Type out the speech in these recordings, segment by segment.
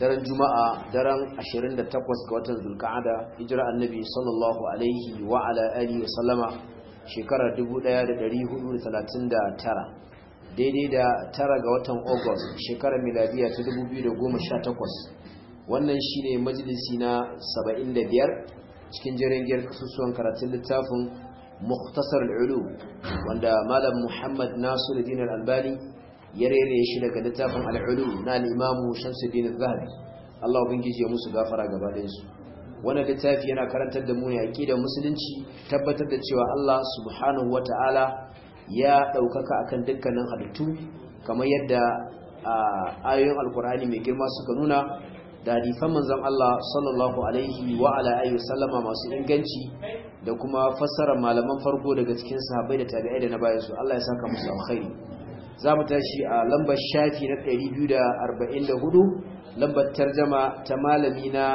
daren juma'a daren 28 ga watan zulka'ada hijira annabi sallallahu alaihi wa ala alihi wasallama shekarar 1439 daidai da tara ga watan august shekarar miladiya ta 2018 wannan shi ne majalisi na 75 cikin jirgin kasusuwan karatun littafin muktasar al'ulu wanda malam muhammad da al-albani ya rere shi daga littafin al'ulu na al'imamu shamsuddin zahabi Allah ubangiji ya musu gafara gaba su wannan littafi yana karantar da mu ne da musulunci tabbatar da cewa Allah subhanahu wata'ala ya ɗaukaka akan dukkanin halittu kamar yadda ayoyin alkur'ani mai girma suka nuna da hadisan manzon Allah sallallahu alaihi wa ala alihi sallama masu inganci da kuma fassara malaman farko daga cikin sahabbai da tabi'ai da na su Allah ya saka musu alkhairi za mu tashi a lambar shafi na 244 lambar tarjama ta malami na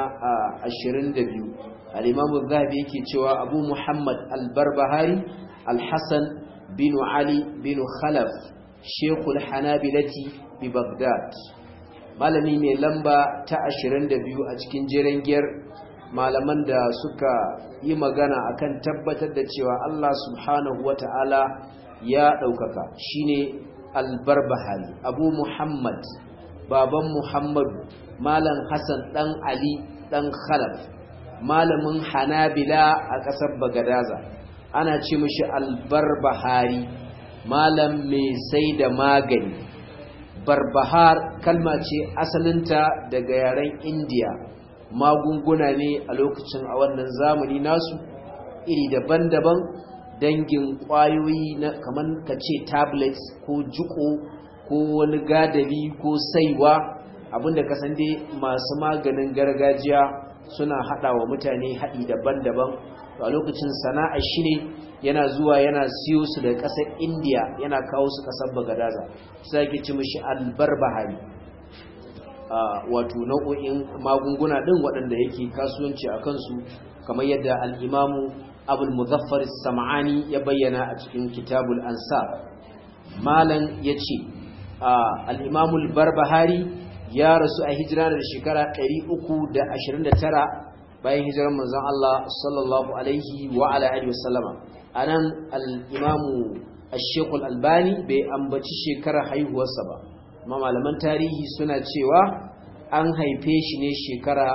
22 al zahabi yake cewa abu muhammad Albarbahari Alhassan binu bin ali bin khalaf shekul hanabilati bi bagdad malami mai lamba ta 22 a cikin jirangiyar malaman da suka yi magana akan tabbatar da cewa allah subhanahu wa ta'ala ya ɗaukaka shine albarbahari abu muhammad baban muhammadu malam hassan dan ali dan khalaf malamin hanabila a ƙasar bagadaza ana ce mishi albarbahari malam mai sai da magani barbahar kalma ce asalinta daga yaren indiya magunguna ne a lokacin a wannan zamani nasu iri daban-daban dangin kwayoyi na kamar ka ce tablets ko juko ko wani gadari ko saiwa abinda ka san dai masu maganin gargajiya suna hada wa mutane haɗi daban-daban a lokacin sana'a shi ne yana zuwa yana siyo su da ƙasar indiya yana kawo su ƙasar bagadaza su ake ci mashi bahari. wato nau'o'in magunguna ɗin waɗanda yake kasuwanci a kansu kamar yadda al'imamu abul muzaffar sam'ani ya bayyana a cikin kitabul ansar malan ya ce al'imamul barbahari ya rasu a hijira da shekara 329 bayan hijirar manzan Allah sallallahu alaihi wa ala'adu wasallama a nan al'imamu ashekul albani bai ambaci shekarar haihuwarsa ba ma malaman tarihi suna cewa an haife shi ne shekara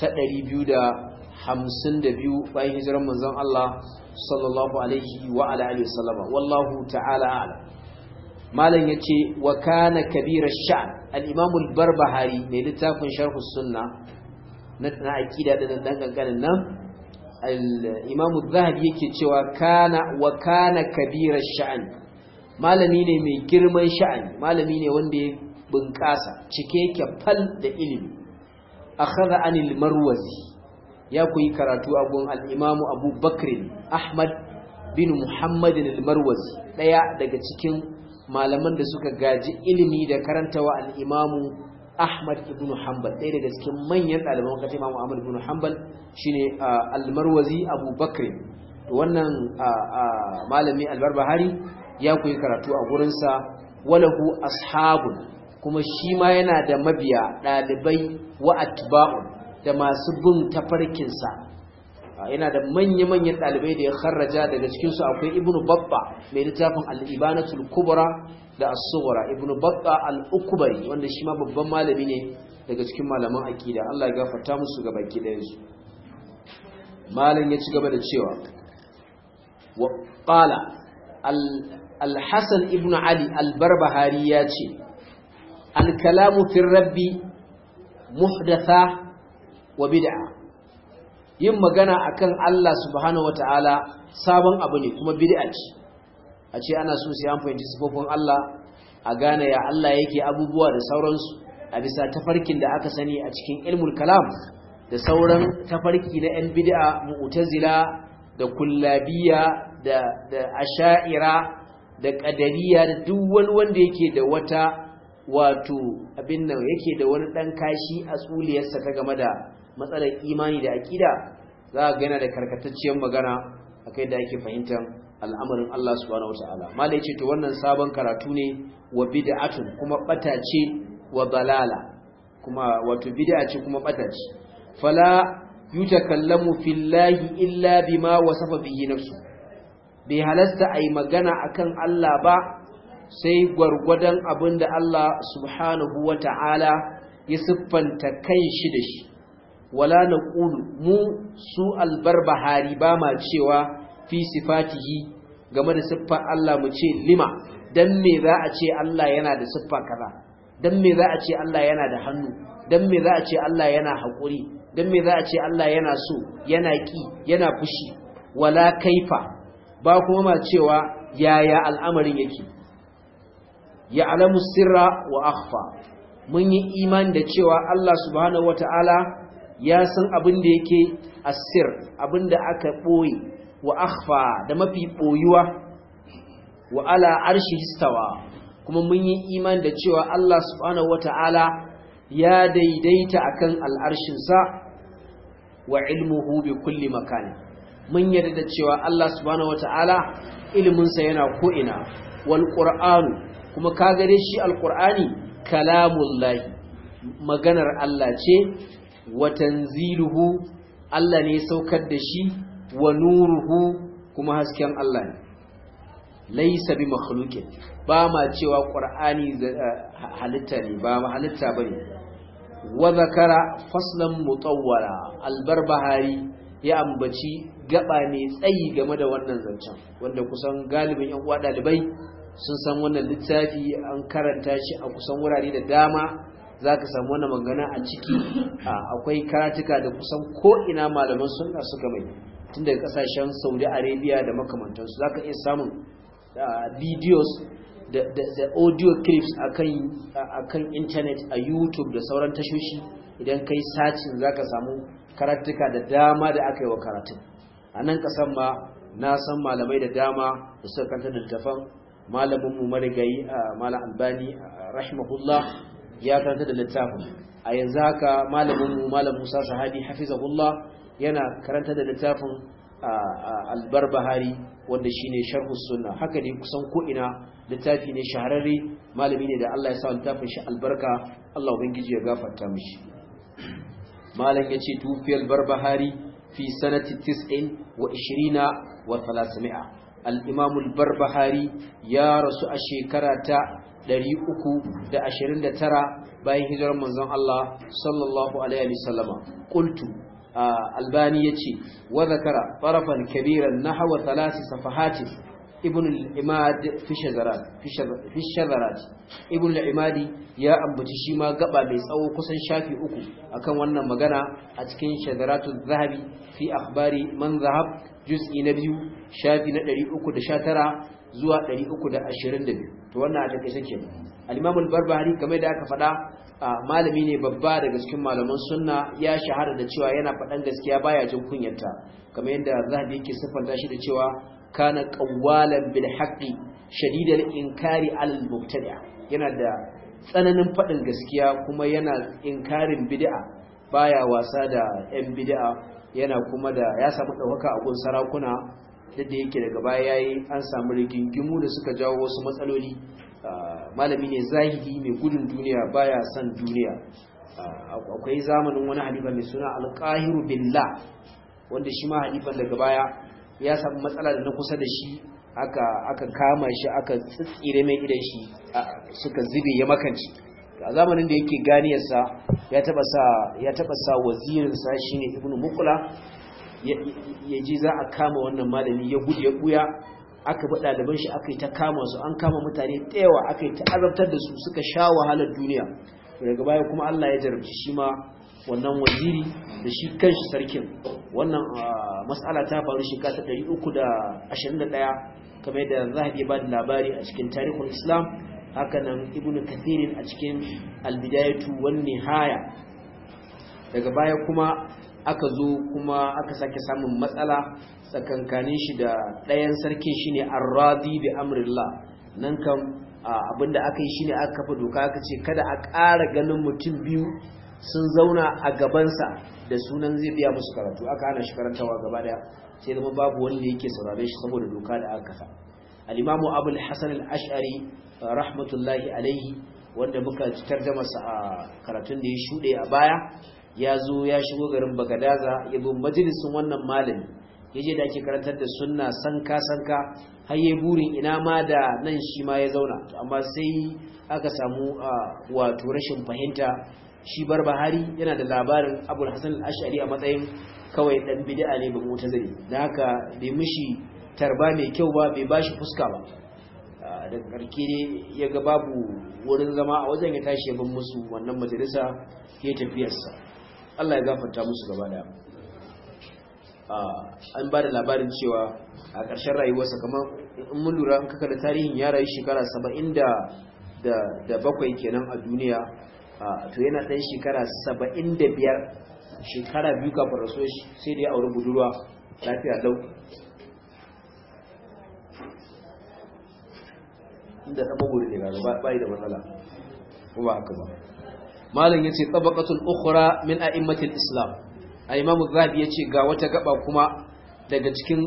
ta 200 hamsin da biyu bayan hijiran manzon Allah sallallahu alaihi wa ala alihi sallama wallahu ta'ala ala malam yace wa kana kabira sha'an al-imam al-barbahari mai littafin sharh sunna na aqida da dan ganganin nan al-imam az-zahabi yake cewa kana wa kana kabira sha'an malami ne mai girman sha'ani malami ne wanda ya bunƙasa cike yake fal da ilimi akhadha anil marwazi ya kuyi karatu a gun al’imamu Abu Bakrin Ahmad bin muhammadin al-Marwazi daya daga cikin malaman da suka gaji ilimi da karantawa Al'imamu Ahmad ibn Hanbal daya daga cikin manyan ɗaliban kata imamu Ahmad ibn Hanbal shine al-Marwazi Abu Bakr wannan malami al-Barbahari ya kuyi karatu a gurinsa walahu ashabun kuma shi ma yana da mabiya ɗalibai wa atba'un da masu bin tafarkinsa yana ah, da manya-manyan ɗalibai da ya kharraja daga cikinsu akwai ibnu babba mai littafin al'ibanatul kubra da asubara ibnu babba al'ukubari wanda shi ma babban malami ne daga cikin malaman akida allah ya gafarta musu ga baki malin ya ci gaba da cewa wa ƙala alhassan ibnu ali albarbahari ya ce alkalamufin rabbi muhdatha wa bid'a yin magana akan Allah subhanahu wataala sabon abu ne kuma bid'a ce a ce ana so sai an fahimci sifofin Allah a gane ya Allah yake abubuwa da sauransu a bisa tafarkin da aka sani a cikin ilmul kalam da sauran tafarki na yan bid'a mu'tazila da kullabiyya da da asha'ira da qadariyya da duk wani wanda yake da wata wato abin nan yake da wani dan kashi a tsuliyarsa ta game da matsalar imani da aƙida za a gana da karkatacciyar magana a kai da yake fahimtar al'amarin Allah subhanahu wataala malai ce to wannan sabon karatu ne wa bid'atun kuma ɓatace wa balala kuma wato bid'a ce kuma bata ce fala yutakallamu fillahi illa bi ma fa wasafa na nafsu bai halasta yi magana a kan Allah ba sai gwargwadon abin da Allah subhanahu Ta'ala ya siffanta kan shi da shi wala na mu su albarbahari ba ma cewa fi sifatihi game da siffar Allah mu ce lima dan me za a ce Allah yana da siffa kaza dan me za a ce Allah yana da hannu dan me za a ce Allah yana haƙuri dan me za a ce Allah yana so yana ƙi, yana fushi wala kaifa ba kuma ma cewa yaya al'amarin yake ya alamu sirra wa akhfa mun yi imani da cewa Allah subhanahu wataala ya san abin da yake asir abin da aka ɓoye wa akhfa da mafi ɓoyuwa wa ala arshi histawa kuma mun yi iman da cewa Allah subhanahu wata'ala ya daidaita akan al'arshinsa wa ilmuhu bi kulli makani mun yarda da cewa Allah subhanahu wata'ala ilminsa yana ko'ina wal qur'anu kuma ka gare shi al-qur'ani kalamullahi maganar Allah ce wa tanziluhu Allah ne saukar da shi wa nuruhu kuma hasken Allah ne laisa bi makhluqin ba ma cewa qur'ani eh, halitta ne ba ma halitta bane wa zakara faslan mutawwala albarbahari ya ambaci gaba ne tsayi game da wannan zancen wanda kusan galibin yan uwa dalibai sun san wannan littafi an karanta shi a kusan wurare da dama za ka samu wani magana a ciki akwai karatuka da kusan ko'ina malaman suna suka mai tun daga kasashen saudi arabia da makamantarsu za ka iya samun videos da audio clips kan intanet a youtube da sauran tashoshi idan kai sacin za ka samu karatuka da dama da aka yi wa karatun a nan kasan ma na san malamai da dama da suka kanta tafan malaminmu marigayi malam albani rahimahullah ya karanta da littafin a yanzu haka malamin mu malam Musa Sahabi hafizahullah yana karanta da littafin al-Barbahari wanda shine sharhu sunna haka ne kusan ko ina littafi ne shahararre malami ne da Allah ya sa littafin shi albarka Allah ubangiji ya gafarta mishi malam yace tufiyal Barbahari fi sanati 29 wa wa 300 al-Imam al-Barbahari ya rasu a shekara ta 329 bayan hijirar manzon Allah sallallahu alaihi wasallama qultu albani yace wa zakara farafan kabiran nahwa thalath safahat ibn al-imad fi ibn al ya ambaci shi ma gaba mai tsawo kusan shafi uku akan wannan magana a cikin shazaratul zahabi fi akhbari man zahab juz'i na biyu shafi na zuwa 322 to wannan a takaice kenan al-Imam al-Barbahari kamar da aka faɗa malami ne babba daga cikin malaman sunna ya shahara da cewa yana faɗan gaskiya baya jin kunyarta kamar yadda Zahabi yake siffanta shi da cewa kana qawwalan bil haqqi shadidal inkari al mubtadi' yana da tsananin faɗin gaskiya kuma yana inkarin bid'a baya wasa da 'yan bid'a yana kuma da ya samu ɗaukaka a gun sarakuna yadda da yake daga baya ya yi an samu rigingimu da suka jawo wasu matsaloli ah, malami ne zahiri mai gudun duniya baya son duniya ah, akwai zamanin wani halifa mai suna alkahiru billah wanda shi ma halifar daga baya ya samu matsala da na kusa da shi aka kama shi aka tsitsire mai idan shi suka zube ya makanci a zamanin da yake ganiyarsa ya taba sa ya shi sa wazirin sa shine ibnu mukula ya ji za a kama wannan malami ya gudu ya buya aka bi ɗaliban shi aka yi ta kama su an kama mutane tsayawa aka yi ta azabtar da su suka sha wahalar duniya daga baya kuma Allah ya jarabci shi ma wannan waziri da shi kanshi sarkin wannan ah, mas'ala ta faru shekara 321 kamar yadda ke ba da labari a cikin tarihin islam hakanan Ibn kathirin a cikin albidayatu wani haya. daga baya kuma aka zo kuma aka sake samun matsala tsakankanin shi da ɗayan sarkin shine arradi bi amrillah nan kam abinda aka yi shine aka kafa doka aka ce kada a ƙara ganin mutum biyu sun zauna a gabansa da sunan zai biya musu karatu aka hana shi karantawa gaba daya sai zama babu wanda yake saurare shi saboda doka da aka kafa al-imamu abul hasan al-ash'ari rahmatullahi alaihi wanda muka tarjama sa a karatun da ya shuɗe a baya ya zo ya shigo garin bagadaza ya zo majalisun wannan malami ya je da ake karantar da sunna sanka sanka har yi burin ina ma da nan shi ma ya zauna amma sai aka samu wato rashin fahimta shi barbahari yana da labarin abul hassan al-ash'ari a matsayin kawai dan bid'a ne ba mutazili da haka bai mishi tarba mai kyau ba bai bashi fuska ba da karki ne ya ga babu wurin zama a wajen ya tashi ya bin musu wannan majalisa ke tafiyarsa Allah ya gafarta musu gaba daya an ba da labarin cewa a ƙarshen rayuwarsa kamar in mun lura an kaka da tarihin ya rayu shekara saba'in da bakwai kenan a duniya to yana ɗan shekara saba'in da biyar shekara biyu kafin rasu sai da ya auri budurwa lafiya lau inda ta bugu da daga ba yi da matsala ko ba haka ba malam yace tabaqatul ukhra min a a'immatil islam a imam zabi ce, ga wata gaba kuma daga cikin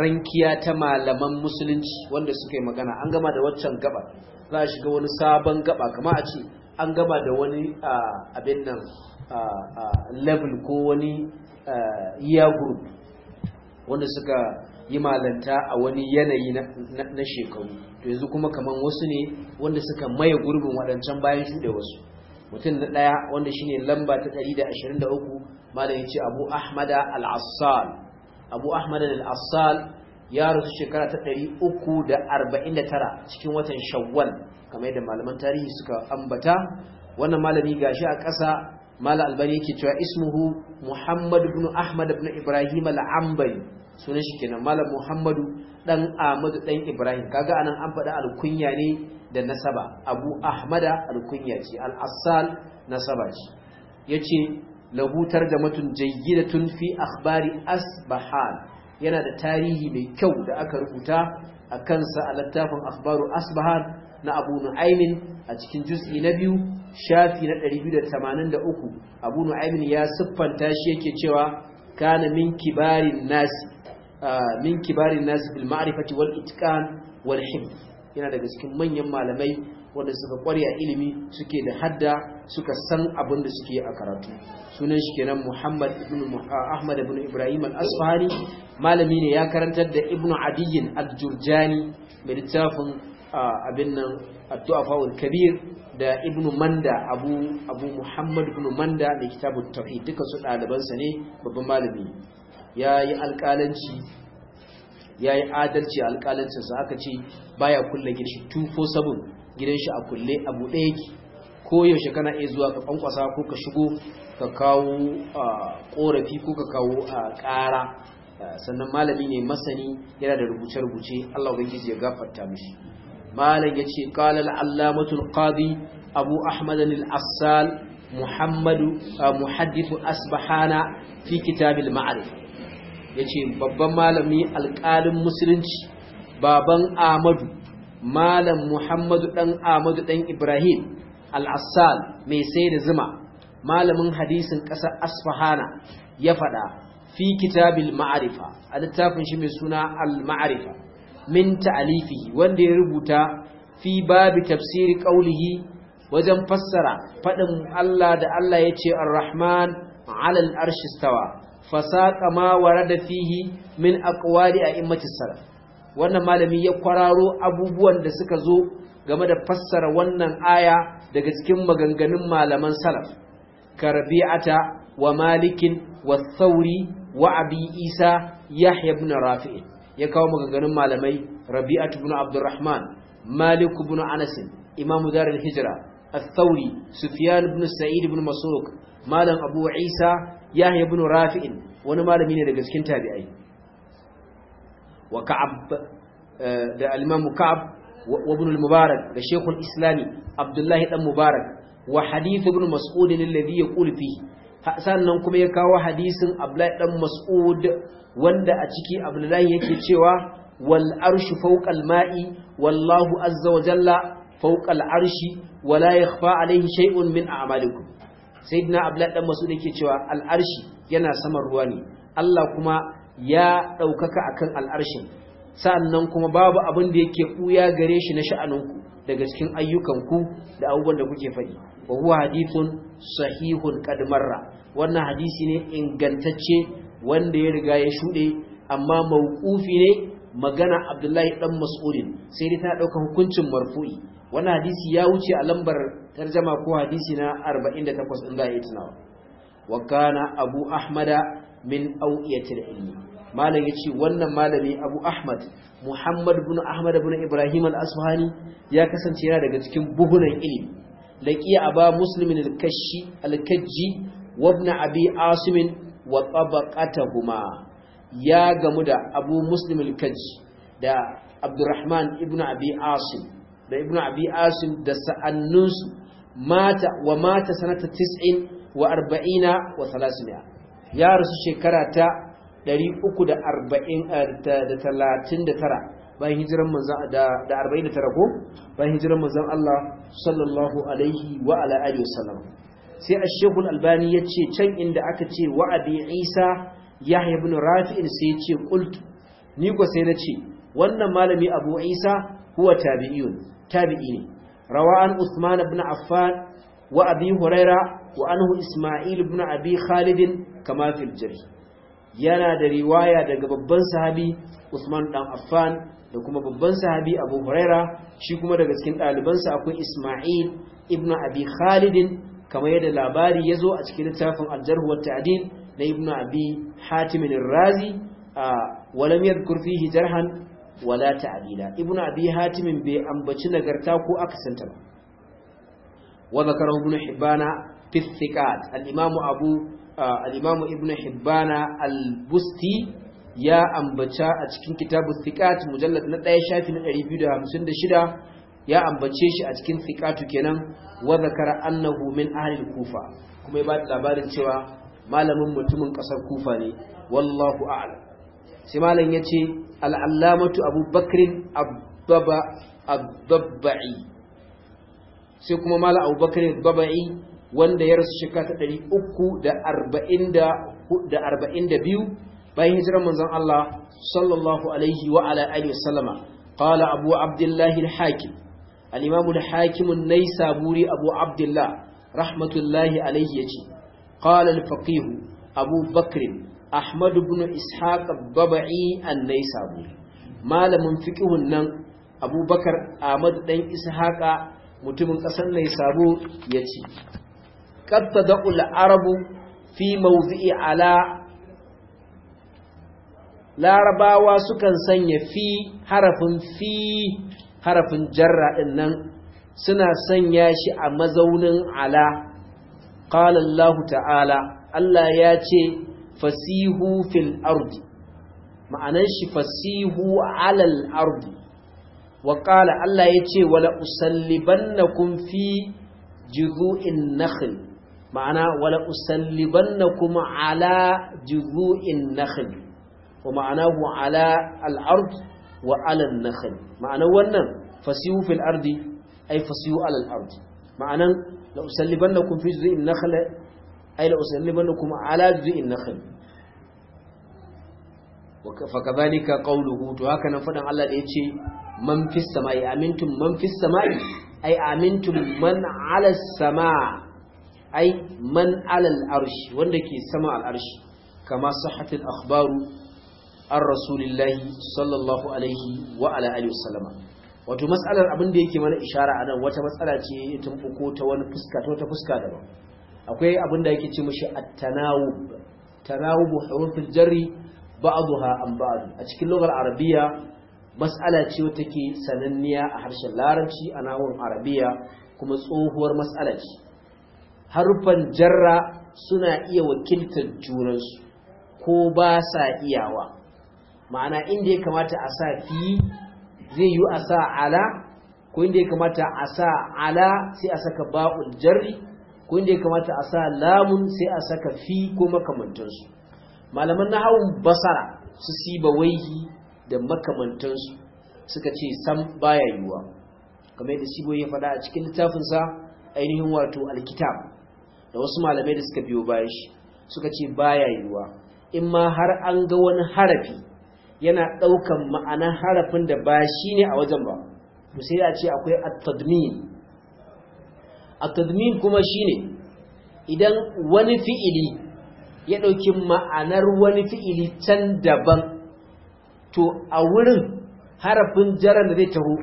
rankiya ta malaman musulunci wanda suka yi magana an gama da waccan gaba za a shiga wani sabon gaba kama a ce an gama da wani abin nan level ko wani ya group wanda suka yi malanta a wani yanayi na shekaru to yanzu kuma kamar wasu ne wanda suka maye gurbin waɗancan bayan shuɗe wasu mutum na ɗaya wanda shi ne lamba ta 123 malam yace Abu Ahmad al Abu Ahmad al-Assal ya rasu shekara ta tara cikin watan Shawwal kamar yadda malaman tarihi suka ambata wannan malami ga shi a ƙasa mala albani yake cewa ismuhu Muhammadu bin Ahmad bin Ibrahim al sunan shi kenan malam Muhammadu dan Ahmadu dan Ibrahim kaga anan an faɗa alkunya ne da nasaba Abu Ahmada alkunya ce al-Assal nasaba ce yace lahutar da mutun jayyidatun fi akhbari asbahan yana da tarihi mai kyau da aka rubuta a kansa a littafin akhbaru asbahan na Abu Nu'aym a cikin juz'i na biyu shafi na 283 Abu Nu'aym ya siffanta shi yake cewa kana min kibarin nasi min kibarin nasu bil ma'rifati wal itqan wal hifz yana daga cikin manyan malamai wanda suka kware a ilimi suke da hadda suka san abin da suke a karatu sunan shi kenan Muhammad ibn Ahmad ibn Ibrahim al-Asfahani malami ne ya karantar da Ibn Adiyin al-Jurjani mai littafin abin nan at-Tu'afa'ul Kabir da Ibn Manda Abu Abu Muhammad ibn Manda mai kitabut Tauhid duka su ɗalibansa ne babban malami ya yi alƙalanci ya yi adalci a alƙalancinsa aka ce baya kulle gidan shi 247 gidan shi a kulle a buɗe yake ko yaushe kana iya zuwa ka ƙwanƙwasa ko ka shigo ka kawo ƙorafi ko ka kawo ƙara sannan malami ne masani yana da rubuce-rubuce Allah ubangiji ya gafarta mishi malam ya ce qala al-allamatul qadi abu ahmad asal assal muhammad muhaddith asbahana fi kitab al ya ce babban malami alƙalin musulunci baban Amadu, malam muhammadu ɗan Amadu ɗan ibrahim al'assal mai sai da zuma malamin hadisin ƙasar asfahana ya faɗa fi kitabil ma'arifa a littafin shi mai suna al-ma'arifa min ta'alifihi wanda ya rubuta fi babu tafsiri ƙaulihi wajen fassara faɗin Allah da Allah ya ce ar-Rahman alal arshi Fasaƙa ma warada fihi min aqwali a'immatis salaf wannan malami ya kwararo abubuwan da suka zo game da fassara wannan aya daga cikin maganganun malaman salaf karbi'ata wa malikin wa sauri wa abi isa yahya ibn rafi' ya kawo maganganun malamai rabi'atu ibn abdurrahman malik ibn anas imam darul hijra الثوري سفيان بن Sa'id بن مسروق malam أبو عيسى Yahaya ibn rafi'in wani malami ne daga cikin tabi'ai eh, da al ka'ab wa mubarak da shekul islami abdullahi dan mubarak wa hadith ibn mas'ud alladhi yaqulu fihi sannan kuma ya kawo hadisin abdullahi dan mas'ud wanda a ciki abdullahi yake cewa wal arshu mai wallahu azza wa jalla fawqa arshi wala ya yakhfa alayhi min a'malikum sayyidina abdullahi masu masud ke cewa al'arshi yana saman ruwa ne Allah kuma ya ɗaukaka akan al'arshin sa'annan kuma babu abin da yake ɓuya gare shi na sha'aninku daga cikin ayyukanku da abubuwan da kuke faɗi ba huwa hadithun sahihun kadmarra wannan hadisi ne ingantacce wanda ya riga ya shuɗe amma mawqufi ne magana Abdullahi ɗan Mas'udin sai dai ta ɗauka hukuncin marfu'i wannan hadisi ya wuce a lambar tarjama ko hadisi na 48 in za a yi tunawa wa kana abu ahmada min au'iyatil ilmi malam yace wannan malami abu ahmad muhammad ibn ahmad ibn ibrahim al-asfahani ya kasance yana daga cikin buhunan ilimi laqiya aba muslimin al-kashi al-kajji wa ibn abi asim wa tabaqatuhuma ya gamu da abu muslim al-kajji da abdurrahman ibn abi asim da ibn abi asim da sa'annunsu mata wa mata sanata 90 wa 40 wa 300 ya rasu shekara ta 349 eh, bayan hijiran manzon da 49 ko bayan hijiran manzon Allah sallallahu alaihi wa ala alihi wasallam sai ash-shaykh al-albani yace can inda aka ce wa isa yahya ibn rafi'in sai yace qultu ni ko sai nace wannan malami abu isa huwa tabi'iyun tabi'i ne روى عثمان بن عفان wa هريرة وأنه إسماعيل بن أبي خالد كما في الجري yana da riwaya daga babban sahabi Usman dan Affan da kuma babban sahabi Abu Huraira shi kuma daga cikin ɗalibansa akwai Isma'il ibn Abi Khalid kamar yadda labari ya zo a cikin littafin Al-Jarh wa na Ibn Abi Hatim ar-Razi walam yadhkur jarhan wala ta'dila ibnu abi hatim bai ambaci nagarta ko akasanta ba wa zakarahu ibnu hibana fi thiqat al-imam abu uh, al-imam ibnu hibana al-busti ya ambaca a cikin kitabu thiqat mujallad na 1 shafi na 256 ya ambace shi a cikin thiqatu kenan wa zakara annahu min ahli kufa kuma ya ba labarin cewa malamin mutumin kasar kufa ne wallahu a'lam sai malam ya ce al'allamatu abubakarin abbaba'i sai kuma malam abubakarin abbaba'i wanda ya rasu shekara ta ɗari uku da arba'in da biyu bayan hijirar manzon Allah sallallahu alaihi wa ala alihi salama qala abu abdullahi al-hakim al-imam hakimun hakim an-naisaburi abu abdullah rahmatullahi alaihi yace qala al-faqih abu bakirin. ahmadu ibn Ishaq al-Babai an-Naisabi malamin fiqhun nan Abubakar Ahmad dan Ishaqa mutumin kasar Naisabu yace qad tad'u arabu fi mawdhi'i ala larabawa sukan sanya fi harafin fi harafin jarra nan suna sanya shi a mazaunin ala qala Allah ta'ala Allah ya ce fasihu fil ardi ma'anan shi fasihu alal ardi wa qala Allah ce wala usallibannakum fi juzu'in nakhl ma'ana wala usallibannakum ala juzu'in nakhl wa ma'anahu ala al ard wa ala an nakhl ma'anan wannan fasihu fil ardi ay fasihu alal ardi ma'anan la usallibannakum fi juzu'in nakhl ay la kuma ala ju'in nakhl fa kadhalika qawluhu to haka nan fadan Allah da yace man fis samai amintum man fis samai ay amintum man ala sama ay man ala al-arsh wanda ke sama al-arsh kama sahhatul akhbaru an rasulillahi sallallahu alaihi wa ala alihi wasallama wato mas'alar abin da yake mana ishara anan wata matsala ce ta fuko ta wani fuska ta wata fuska daban akwai abin da yake ce mishi at-tanawub tanawub hurufil jarri ba'daha an ba'd a cikin lugar arabiya mas'ala ce wata ke sananniya a harshen larabci a nahawun arabiya kuma tsohuwar mas'ala ce harufan jarra suna iya wakiltar junansu ko ba sa iyawa ma'ana inda ya kamata a sa fi zai yi a sa ala ko inda ya kamata a sa ala sai a saka ba'ul jarri ko inda ya kamata a sa lamun sai a saka fi ko makamantansu malaman na hau basara su siba waihi da makamantansu suka ce sam baya yiwa kamar yadda sibo ya faɗa a cikin littafinsa ainihin wato alkitab da wasu malamai da suka biyo bayan shi suka ce baya yiwa in ma har an ga wani harafi yana ɗaukan ma'anar harafin da ba shi ne a wajen ba to sai a ce akwai at-tadmin a tadmin kuma shine idan wani fi'ili ya ɗauki ma'anar wani fi'ili can daban to a wurin harafin jaran da zai taho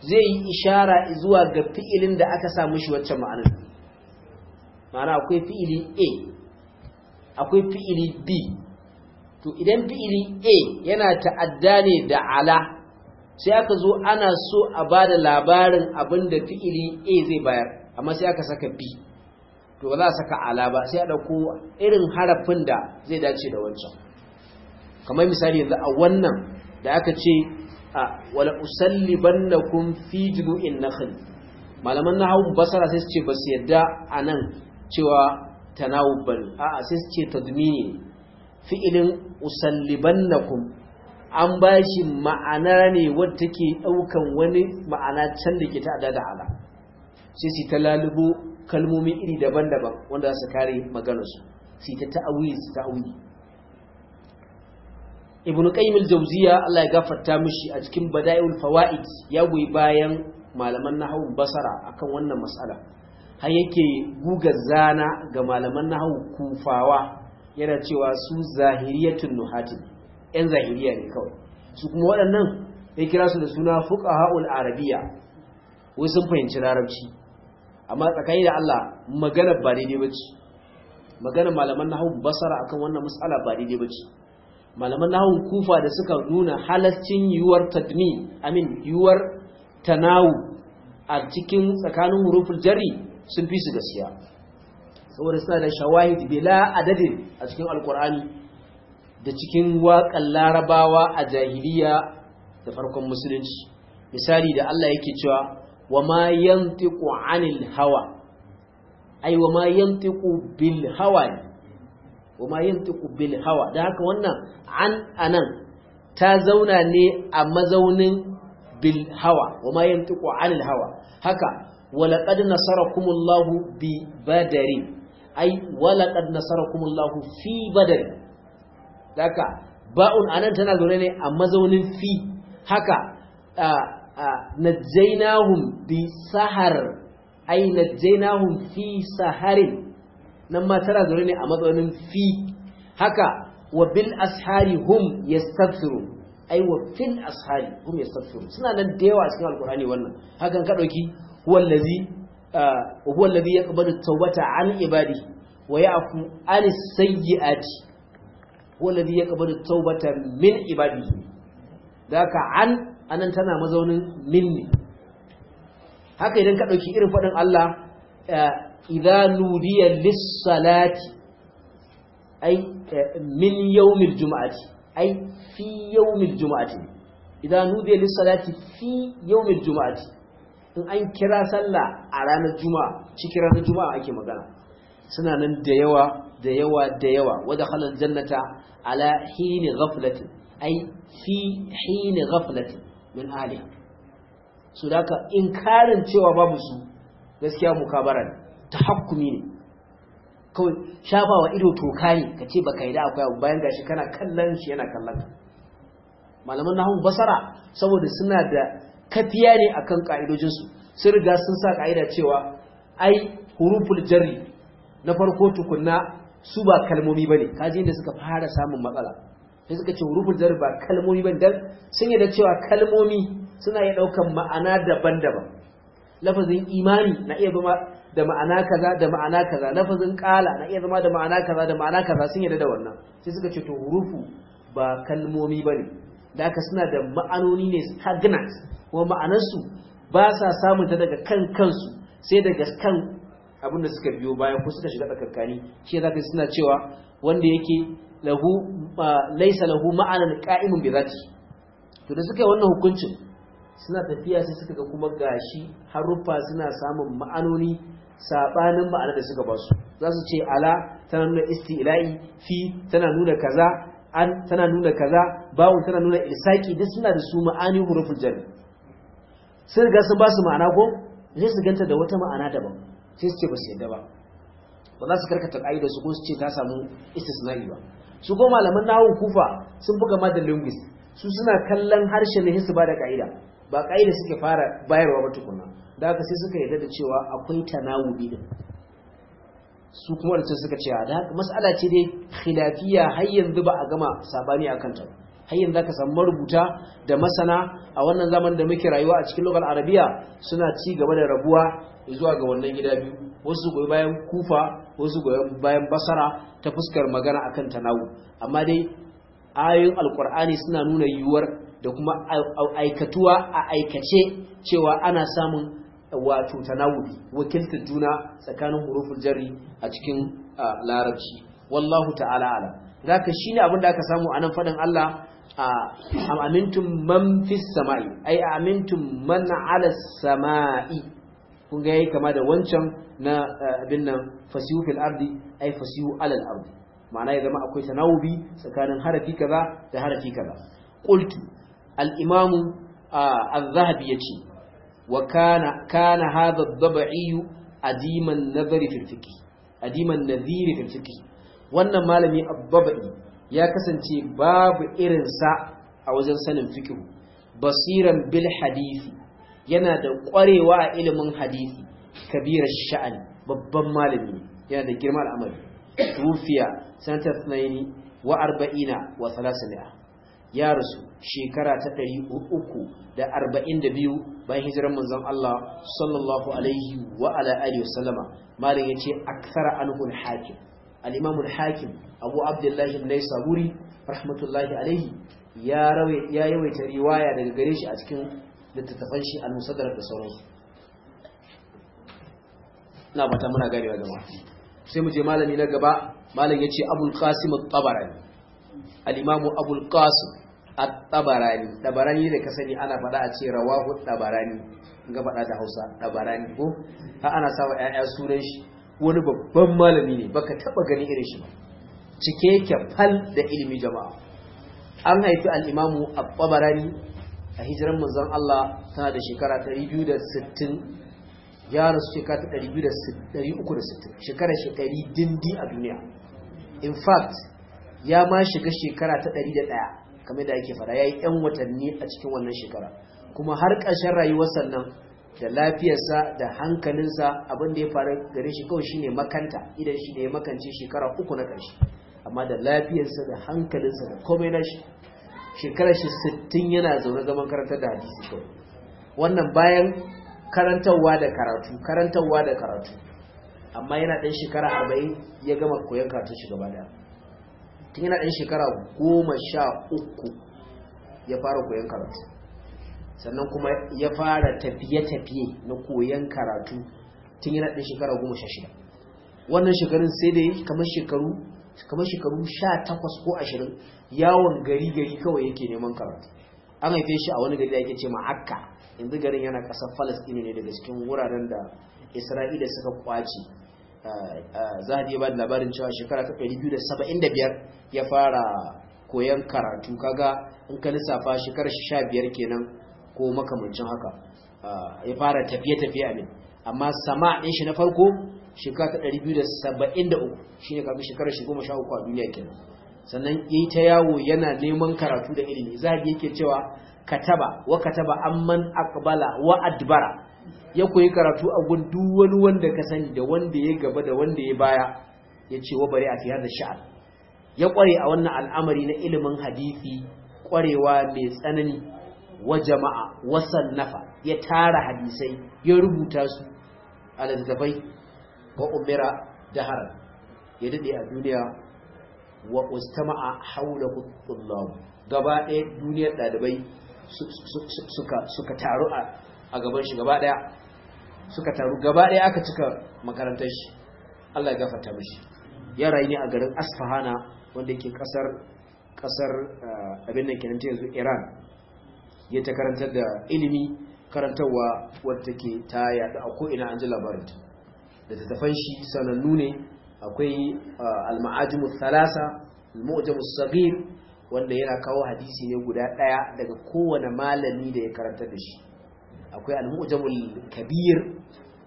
zai yi ishara zuwa ga fi'ilin da aka samu shi wacce ma'anar ma'ana akwai fi'ili a akwai fi'ili b to idan fi'ili a yana ta'adda ne da ala sai aka zo ana so a ba da labarin abin da fi'ili a zai bayar amma sai aka saka b to ba za a saka ala ba sai a ɗauko irin harafin da zai dace da wancan kamar misali yanzu a wannan da aka ce a wala usallibannakum fi na nakhl malaman hau basara sai su ce ba su yadda anan cewa tanawub bane a'a sai su ce tadmini fi'ilin usallibannakum an ba shi ma'ana ne wadda take ɗaukan wani ma'ana can da ke ta'ada da ala sai su ta lalubo kalmomi iri daban-daban wanda za su kare maganarsu su ta ta'awili su ta'awili ibn qayyim al-jawziya Allah ya gafarta mishi a cikin bada'iul fawaid ya goyi bayan malaman nahwu basara akan wannan mas'ala har yake guga zana ga malaman nahwu kufawa yana cewa su zahiriyatun nuhatin yan zahiriya ne kawai su kuma waɗannan ya kira su da suna fuqaha'ul Arabiya, wai sun fahimci larabci amma tsakani da Allah magana ba daidai bace magana malaman hau basara akan wannan mas'ala ba daidai bace malaman hau kufa da suka nuna halaccin yiwuwar tadmi amin yuwar tanawu a cikin tsakanin huruful jari sun fi su gaskiya saboda suna da shawahid bila adadin a cikin alkur'ani da cikin waƙan larabawa a jahiliya da farkon musulunci misali da Allah yake cewa wa ma yantiqu hawa ai wa ma bil hawa ده bil hawa da haka wannan an anan ta zauna ne a mazaunin bil hawa wama ma yantiqu anil hawa haka ولقد نصركم الله ببدر أي ولقد fi باء أنا تنازلني a mazaunin في هكا najjainahum bi sahar ai najjainahum fi saharin nan ma tara zuri ne a matsayin fi haka wa bil ashari hum yastaghfirun ay wa fil ashari hum yastaghfirun suna nan da yawa cikin alqur'ani wannan hakan ka dauki huwallazi huwallazi yaqbalu tawbata an ibadi wa ya'fu an sayyi'ati huwallazi yaqbalu tawbata min ibadi daka an anan tana mazaunin min haka idan ka ɗauki irin faɗin Allah eh, idan nudiya lis-salati ai eh, min yawmil juma'ati ai fi yawmil juma'ati idza nudiya lis-salati fi yawmil juma'ati in an kira sallah a ranar juma'a cikin ranar juma'a ake magana suna nan da yawa da yawa da yawa wadda halar jannata ala hini ghaflatin ai fi hini ghaflatin min aliha su da in inkarin cewa babu su gaskiya mukabaran hakumi ne kawai shafawa ido toka ne ka ce baka yi da akwai abu bayan gashi kana kallon shi yana kallon ka malaman nahun basara saboda suna da kafiya ne akan ƙa'idojinsu sun riga sun sa ka'ida cewa ai huruful jarri na farko tukunna su ba kalmomi bane kaji inda suka fara samun matsala sai suka ce rufin jar ba kalmomi ban dan sun da cewa kalmomi suna iya daukan ma'ana daban-daban lafazin imani na iya zama da ma'ana kaza da ma'ana kaza lafazin ƙala na iya zama da ma'ana kaza da ma'ana kaza sun yi da wannan sai suka ce to rufu ba kalmomi bane da aka suna da ma'anoni ne stagnant kuma ma'anarsu ba sa samun ta daga kan kansu sai daga kan abin da suka biyo bayan ko suka shiga tsakankani shi zaka suna cewa wanda yake lahu laysa lahu ma'anan qa'imun bi zati to da suka yi wannan hukuncin suna tafiya sai suka ga kuma gashi harufa suna samun ma'anoni sabanin ma'anar da suka basu su za su ce ala tana nuna isti'la'i fi tana nuna kaza an tana nuna kaza bawun tana nuna isaki duk suna da su ma'ani huruful jar sun ga sun ba ma'ana ko sai su ganta da wata ma'ana daban sai su ce ba su yadda ba ba za su karkata ka'idar su ko su ce ta samu istisna'i ba su ko malaman nahawun kufa sun buga gama da su suna kallon harshen ne su ba da ka'ida ba ka'ida suke fara bayarwa ba tukuna da haka sai suka yarda da cewa akwai tanawubi din su kuma da suka ce da mas'ala ce dai khilafiya har yanzu ba a gama sabani a ta har yanzu zaka samu marubuta da masana a wannan zaman da muke rayuwa a cikin lokal arabiya suna ci gaba da rabuwa zuwa ga wannan gida biyu wasu goyi bayan kufa wasu goyon bayan basara ta fuskar magana akan tanawu amma dai ayoyin alkur'ani suna nuna yiwuwar da kuma aikatuwa a aikace cewa ana samun wato tanawu wakiltar juna tsakanin huruful jari a cikin larabci wallahu ta'ala ala zaka shine abin da aka samu a nan faɗin Allah A amintum man fis sama'i ay amintum man ala sama'i kun ga yayi kama da wancan na eh, abin nan fasihu fil ardi fasihu alal ardi ma'ana ya zama akwai tanawubi tsakanin harafi kaza da harafi kaza qultu al imamu az-zahabi ah, yace wa kana kana hadha ad-dabi'i adiman nadhari fil fiqh adiman nadhiri fil wannan malami ad ya kasance babu irin sa a wajen sanin fiqh basiran bil hadisi yana da ƙwarewa a ilimin hadisi kabira sha'an babban malami yana da girma al'amari rufiya sanata tsanaini wa arba'ina wa ya rasu shekara ta ɗari uku da arba'in da biyu bayan hijirar manzon Allah sallallahu alaihi wa ala alihi wasallama malin ya ce aksara anhul hakim al hakim abu abdullahi ibn saburi rahmatullahi alaihi ya yawaita riwaya daga gare shi a cikin littattafan shi al-musaddar da sauransu ina bata muna ganewa gaba. sai mu je malami na gaba malam yace abul qasim at-tabarani al-imamu abul qasim at-tabarani tabarani da ka sani ana faɗa a ce rawahu tabarani ga fada da Hausa tabarani ko ha ana sawa ƴaƴa sunan shi wani babban malami ne baka taba gani irin shi ba cike yake fal da ilimi jama'a an haifi al-imamu at-tabarani a hijiran manzon Allah tana da shekara 260 ya rasu shekara 360 shekara shekari dindi a duniya in fact ya ma shiga shekara ta 101 kamar da ake fara yi yan watanni a cikin wannan shekara kuma har ƙarshen rayuwarsa sannan da lafiyarsa da hankalinsa abinda ya faru gare shi kawai shine makanta idan shi ne ya makance shekara uku na ƙarshe amma da lafiyarsa da hankalinsa da komai na shi shekarar shi sittin yana zaune zaman karantar da hadisi kawai wannan bayan karantarwa da karatu karantarwa da karatu amma yana ɗan shekara arba'in ya gama koyon karatu shi gaba da tun yana ɗan shekara goma sha uku ya fara koyon karatu sannan kuma ya fara tafiye-tafiye na koyon karatu tun yana ɗan shekara goma sha shida wannan shekarun sai dai kamar shekaru kamar shekaru sha takwas ko ashirin yawon gari gari kawai yake neman karatu an haife shi a wani gari da yake ce ma'akka yanzu garin yana ƙasar falastini ne daga cikin wuraren da isra'ila suka kwace za a ba labarin cewa shekara ta 275 ya fara koyan karatu kaga in ka lissafa shekarar sha biyar kenan ko makamancin haka ya fara tafiye-tafiye amin amma sama ɗin shi na farko shekara ta 273 shine shekarar shi uku a duniya kenan sannan yayi ta yawo yana neman karatu da ilimi zabi yake cewa kataba wa kataba amman aqbala wa adbara ya koyi karatu a gun duk wani wanda ka sani da wanda ya gaba da wanda ya baya ya ce wa bari a fi da sha'an ya kware a wannan al'amari na ilimin hadisi kwarewa mai tsanani wa jama'a wasan nafa ya tara hadisai ya rubuta su a wa umira dahar ya dade a duniya wa ustama'a haula kullum. gaba ɗaya duniyar ɗalibai suka suka taru a gaban shi gaba ɗaya suka taru gaba ɗaya aka cika makarantar shi Allah ya gafarta mishi ya rayu ne a garin Asfahana wanda yake kasar kasar eh, abin da kenan yanzu Iran ya ta karantar da ilimi karantarwa wadda take ta yaɗu a ko'ina an ji littattafan shi sanannu ne akwai al-ma'ajimu thalasa al-mu'jamu saghir wanda yana kawo hadisi ne guda daya daga kowane malami da ya karanta da shi akwai al-mu'jamu kabir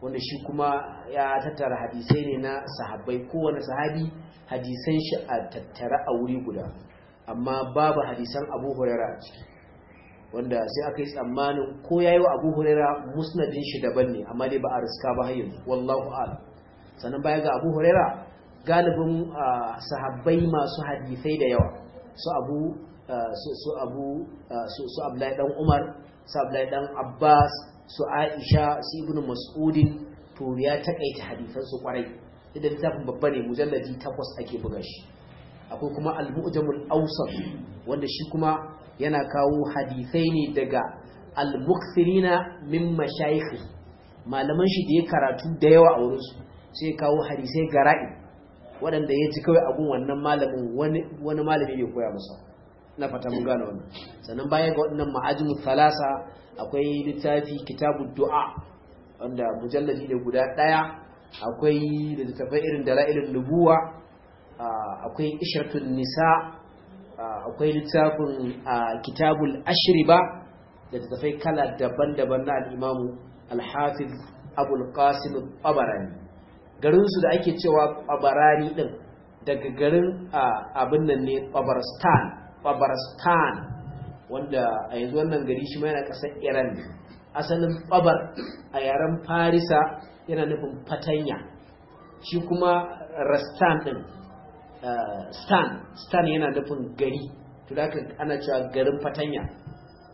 wanda shi kuma ya tattara hadisai ne na sahabbai kowane sahabi hadisan shi a tattara a wuri guda amma babu hadisan Abu Hurairah ciki wanda sai aka yi tsammanin ko ya yi wa abu huraira musnadin shi daban ne amma dai ba a riska ba har wallahu ala sannan baya ga abu huraira galibin sahabbai masu hadisai da yawa su abu su abu su abdullahi dan umar su abdullahi dan abbas su aisha su ibnu mas'udin to ya takaita hadisan su kwarai idan littafin babba ne mujallaji takwas ake buga shi akwai kuma al-mu'jamul awsat wanda shi kuma yana kawo hadisai ne daga al-mukthirina min mashayikhi malaman shi da ya karatu da yawa a wurin su sai kawo hadisai gara'i waɗanda ya ci kawai abun wannan malamin wani wani malami bai koya masa na fata mun gano wannan sannan baya ga waɗannan ma'ajimu salasa, akwai littafi kitabud du'a wanda mujalladi da guda ɗaya akwai littattafai irin dala'ilin nubuwa akwai ishratun nisa akwai littafin kitabul ashriba da tafai kala daban-daban na al'imamu alhafiz abul qasim tabarani garinsu da ake cewa tabarani ɗin, daga garin abin nan ne tabarstan tabarstan wanda a yanzu wannan gari shi mai yana ƙasar iran asalin tabar a yaren farisa yana nufin fatanya shi kuma rastan din Eh, stan stan yana nufin gari to da ana cewa garin fatanya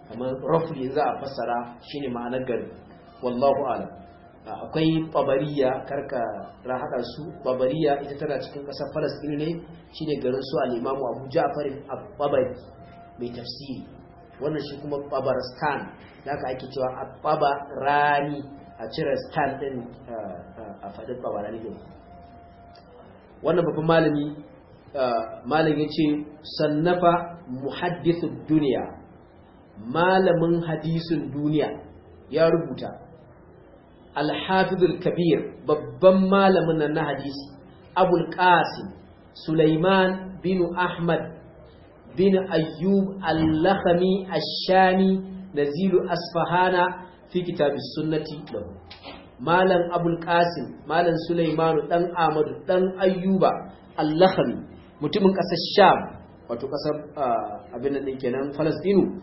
kamar roughly za a fassara shine ma'anar gari wallahu alam ah, akwai babariya karka rahada su babariya ita tana cikin kasar falastin ne shine garin su al-imamu abu ja'far al-babari mai tafsiri wannan shi kuma babaristan da aka ake cewa Ababar-Rani a cire stan din eh, eh, a faɗin babarani wannan babban malami malam yace sannafa muhaddithud duniya malamin hadisin duniya ya rubuta al kabir babban malamin nan na hadisi abul qasim sulaiman bin ahmad bin ayyub al-lakhmi ash-shami nazilu asfahana fi kitabis sunnati malam abul qasim malam sulaiman dan ahmad dan ayyuba al mutumin ƙasar sham wato ƙasar abin da nan kenan falastinu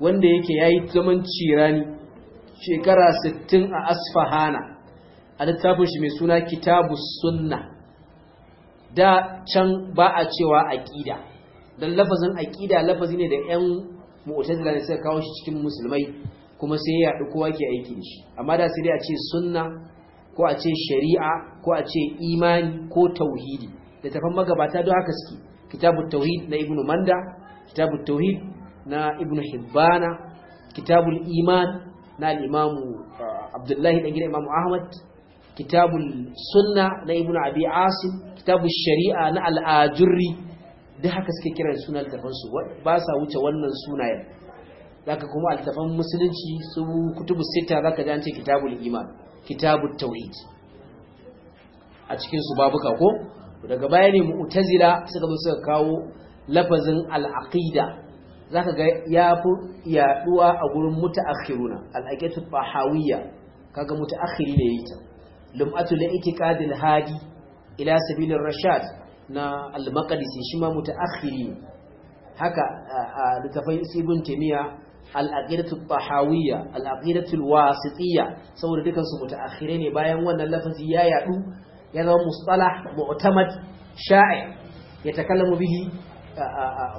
wanda yake ya yi zaman cirani shekara 60 a asfahana a littafin shi mai suna kitabu sunna da can ba a cewa aƙida don lafazin aƙida lafazi ne da 'yan mu'tazila da suka kawo shi cikin musulmai kuma sai ya yaɗu kowa ke aiki da shi amma da sai dai a ce sunna ko a ce shari'a ko a ce imani ko tauhidi littafan magabata don haka suke Kitabun tauhid na ibnu manda Kitabun tauhid na ibnu hibbana Kitabun iman na Alimamu uh, abdullahi dan imamu ahmad Kitabun sunna na ibnu abi asim kitabun shari'a na al da haka suke kiran suna littafan ba sa wuce wannan sunayen zaka kuma altafan musulunci su kutubu sita zaka ji an ce kitabul iman kitabut tauhid a cikin su babuka ko daga baya ne mu'tazila suka zo suka kawo lafazin al-aqida zaka ga yafi yaduwa a gurin mutaakhiruna al-aqidatu fahawiyya kaga mutaakhiri ne yita lum'atu al-i'tiqadil hadi ila sabilir rashad na al-maqdisi shi ma mutaakhiri haka litafai ibn timiya al-aqidatu fahawiyya al-aqidatu al-wasitiyya saboda dukan su mutaakhire ne bayan wannan lafazi ya yadu ya zama mustalah mu'tamad Sha'a ya takallamu bihi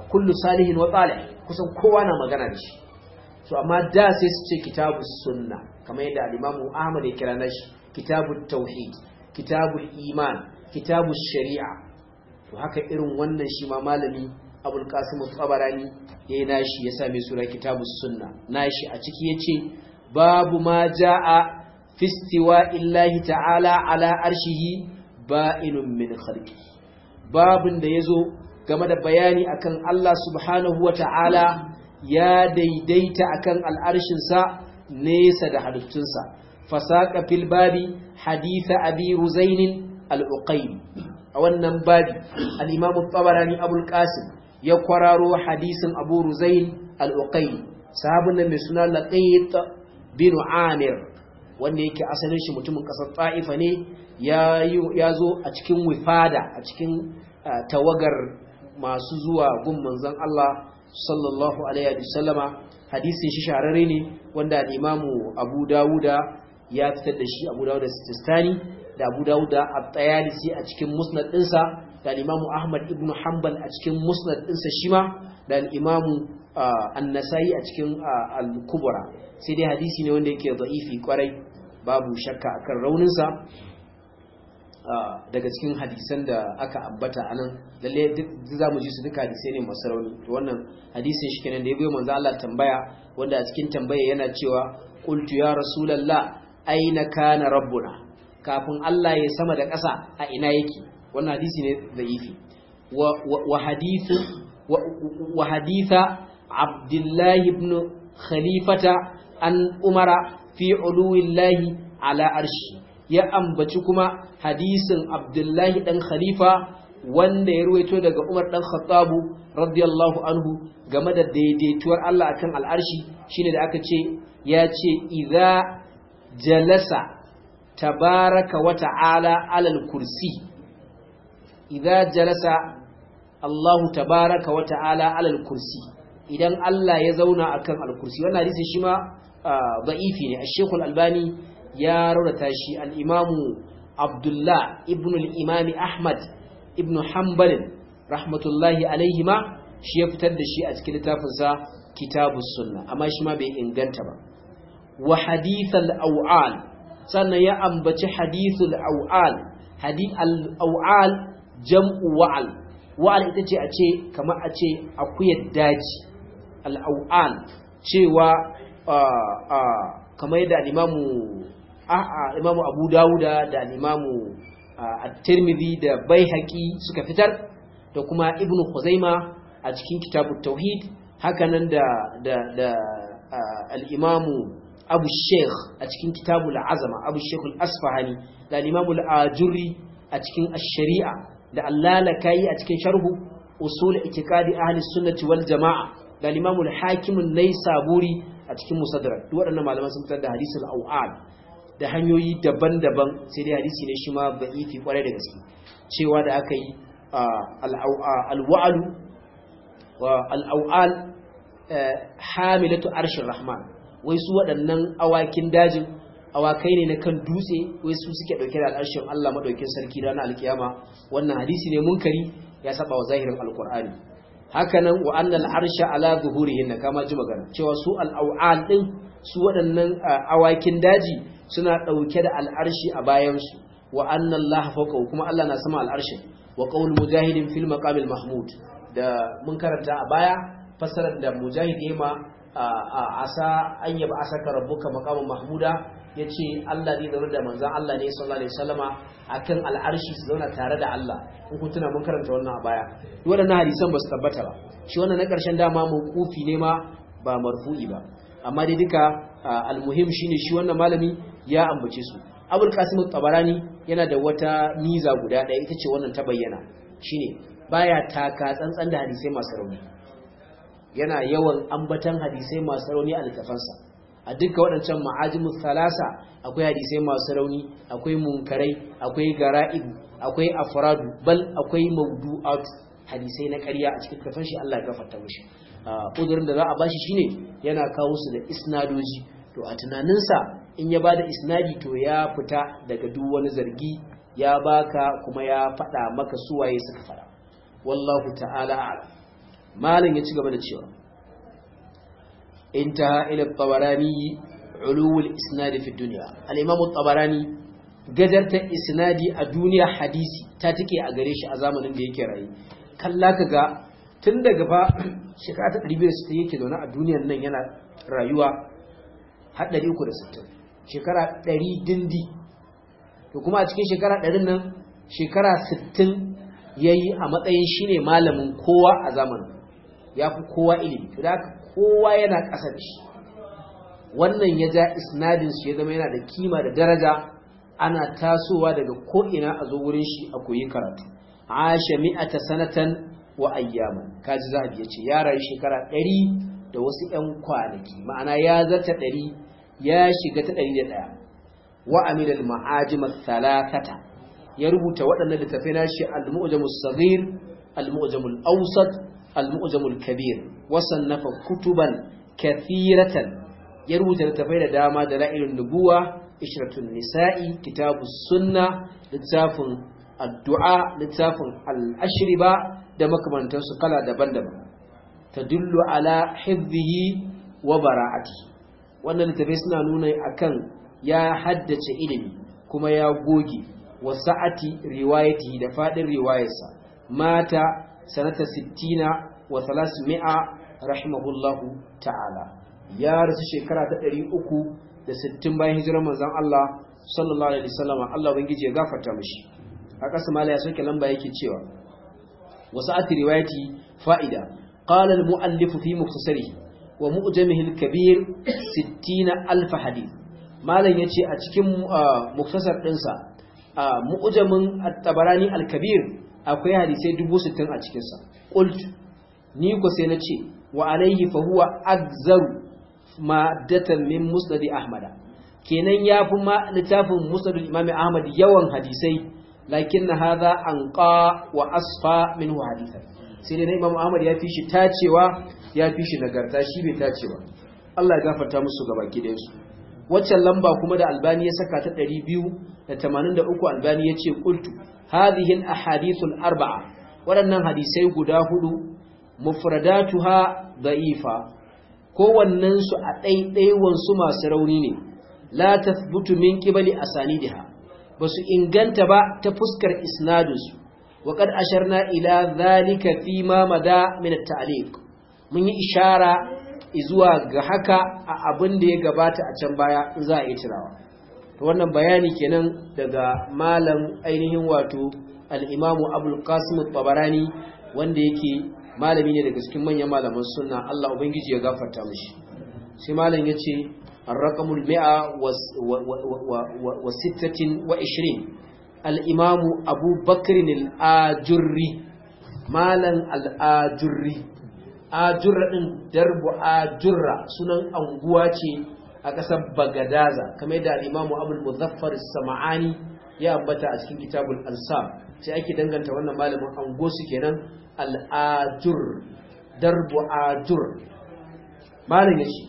kullu salihin wa talih kusan kowa na magana da shi so amma da sai su ce kitabu sunna kamar yadda al-imamu Ahmad ya kira na shi, kitabu tauhid kitabu iman kitabu shari'a to haka irin wannan shi ma malami abul qasim tsabarani, ya yi nashi ya same sura kitabu sunna shi, a ciki ya ce babu ma jaa Fistiwa illahi ta'ala ala arshihi ba'inun min khalqi babin da yazo game da bayani akan Allah subhanahu wa ta'ala ya daidaita akan al'arshinsa nesa da halittunsa fasaka fil babi haditha abi huzainin a wannan babi al'imamu tsabarani abul qasim ya kwararo hadisin abu ruzain al'uqaini sahabin mai suna laqit bin amir wanda yake asalin shi mutumin kasar ta'ifa ne ya zo a cikin wifada a cikin tawagar masu zuwa gun manzon Allah sallallahu alaihi wasallama hadisin shi shahararre ne wanda imamu abu dawuda ya fitar da shi abu dawuda sistani da abu dawuda at-tayalisi a cikin musnad ɗinsa da imamu ahmad ibn hanbal a cikin musnad ɗinsa shima da imamu annasai a cikin al-kubra sai dai hadisi ne wanda yake da'ifi kwarai babu shakka akan rauninsa daga cikin hadisan da aka ambata anan lalle duk za ji su duka hadisai ne masu rauni to wannan hadisin shi kenan da ya goyi manzo Allah tambaya wanda a cikin tambaya yana cewa qultu ya rasulullah aina kana rabbuna kafin Allah ya sama da ƙasa a ina yake wannan hadisi ne da'ifi wa hadithu wa abdullahi ibn khalifata an umara fi uluwillahi ala arshi ya ambaci kuma hadisin abdullahi Ɗan khalifa wanda ya ruwaito daga umar Ɗan khattabu radiyallahu anhu game da daidaituwar Allah akan al'arshi shine da aka ce ya ce idza jalasa tabaraka wa jalasa Allah tabaraka wa alal kursi idan Allah ya zauna akan kan kursi wannan hadisin shi ma ah, da'ifi ne ash albani ya raurata shi Al'imamu Abdullah ibn al Ahmad ibn Hanbal rahmatullahi alaihi ma shi ya fitar da shi a cikin littafinsa kitabus sunna amma shi ma bai inganta ba wa hadithal aw'al sannan ya ambaci hadithul aw'al hadith awal jam'u wa'al wa'al ita ce a ce kamar a ce akuyar daji al'au'an cewa kamar da imamu abu dawuda da imamu at-tirmidhi da baihaqi suka fitar da kuma ibn khuzaima a cikin kitabu tauhid hakanan da da abu sheikh a cikin kitabu la'azama, abu sheikh al-asfahani da al-imamu al a cikin sharia da allalakayi a cikin sharhu usul itikadi ahli sunnati wal jama'a da limamul hakimin nai saburi a cikin musadara duk waɗannan malaman sun fitar da hadisul au'ad da hanyoyi daban-daban sai dai hadisi ne shi ma ba'ifi kwarai da gaske cewa da aka yi al'au'alu al'au'al eh, hamilatu arshin rahman wai su waɗannan awakin dajin awakai ne na kan dutse wai su suke ɗauke da al'arshin Allah maɗaukin sarki ranar alkiyama wannan hadisi ne munkari ya saba wa zahirin alkur'ani hakanan wa annal arsha ala zuhurihin na kama ji magana cewa su al'awal din su waɗannan awakin daji suna ɗauke da al'arshi a bayansu wa annal laha kuma Allah na sama al'arshin wa qaul mujahidin fil maqamil mahmud da mun karanta a baya fassarar da mujahid a asa an yaba asaka rabbuka maqaman mahmuda ya ce Allah ne zaune da manzan Allah ne sallallahu alaihi wasallama kan al'arshi su zauna tare da Allah in kun tuna mun karanta wannan a baya waɗannan hadisan ba su tabbata ba shi wannan na ƙarshen dama kufi ne ma ba marfu'i ba amma dai duka almuhim shine shi wannan malami ya ambace su Abul Qasim Tabarani yana da wata niza guda ɗaya ita ce wannan ta bayyana shine baya taka tsantsan da hadisai masu rauni yana yawan ambatan hadisai masu rauni a littafansa a duka waɗancan ma'ajimu salasa akwai hadisai masu rauni akwai munkarai akwai Gara'ibu, akwai afradu bal akwai mawdu'at hadisai na karya a cikin kafin shi Allah ya gafarta mishi uzurin da za a bashi shine yana kawo su da isnadoji to a tunaninsa in ya bada isnadi to ya fita daga duk wani zargi ya baka kuma ya faɗa maka suwaye suka faɗa wallahu ta'ala a'lam malam ya ci gaba da cewa Interha elabu tsabarani oluwai isna dafi duniya alimamul tsabarani gadar ta isna a duniya hadisi ta taƙe a gareshi a zamanin da yake rayuwa. Kalla kaga tun da gaba shekarata a yake zauna a duniyar nan yana rayuwa haɗari uku shekara ɗari din to kuma a cikin shekara ɗarin nan shekara sittin ya a matsayin shine malamin kowa a zamanin ya kowa ilimi to da kowa yana ƙasa da shi wannan ya ja isnadin su ya zama yana da kima da daraja ana tasowa daga ko'ina a zo wurin shi a koyi karatu a ta sanatan wa ayyama kaji za a biya ce ya rayu shekara ɗari da wasu ‘yan kwanaki ma'ana ya zata ɗari ya shiga ta ɗari da ɗaya wa amilal talakata ya rubuta waɗannan littafai na shi al-mu'jamul saghir al-mu'jamul awsat al-mu'jamul kabir wasannafa kutuban kathiratan ya rubuta littafai da dama da la'irin nubuwa ishratun nisa'i kitabu sunna littafin addu'a littafin al'ashriba da makamantansu kala daban-daban ta dullu ala hifzihi wa bara'ati wannan littafai suna nuna akan ya haddace ilimi kuma ya goge wa sa'ati riwayati da fadin riwayarsa mata sanata sittina wa mi'a. rahimahullahu ta'ala ya rasu shekara ta 360 bayan hijirar manzon Allah sallallahu alaihi wasallam Allah ubangiji ya gafarta mishi a ƙasa mala ya soke lamba yake cewa wasu ati riwayati fa'ida qala al-mu'allif fi mukhtasarihi wa mu'jamihi al-kabir 60000 hadith malam yace a cikin mukhtasar dinsa mu'jamin at-tabarani al-kabir akwai hadisai 60 a cikin sa qult ni ko sai na ce. wa alaihi fa huwa agzaru ma datan min musnad ahmada kenan ya fi littafin musnad Imami ahmad yawan hadisai lakin hadha anqa wa asfa minhu hadithan sai dai imam ahmad ya fi shi tacewa ya fi shi nagarta shi bai tacewa Allah ya gafarta musu gaba gidansu waccan lamba kuma da albani ya saka ta 283 albani ya ce qultu hadhihi al ahadithul arba'a waɗannan hadisai guda huɗu. mufradatuha da'ifa kowannen su a ɗaiɗaiwansu su masu rauni ne la tathbutu min qibali asanidiha basu inganta ba ta fuskar isnadus wa qad asharna ila zalika fi ma mada min at-ta'liq mun yi ishara izuwa ga haka a abin da ya gabata a can baya za a yi tirawa to wannan bayani kenan daga malam ainihin wato al-imamu abul qasim tabarani wanda yake malami ne daga cikin manyan malaman sunna Allah ubangiji ya gafarta mishi sai malam yace ar-raqamul mi'a wa sittatin wa 20 al-imam Abu Bakr al-Ajurri malam al-Ajurri Ajurra din darbu Ajurra sunan anguwa ce a ƙasar Bagadaza kamar da al-imam Abu Muzaffar as-Sam'ani ya ambata a cikin kitabul ansar sai ake danganta wannan malamin su kenan al'ajur darbu ajur malin ya ce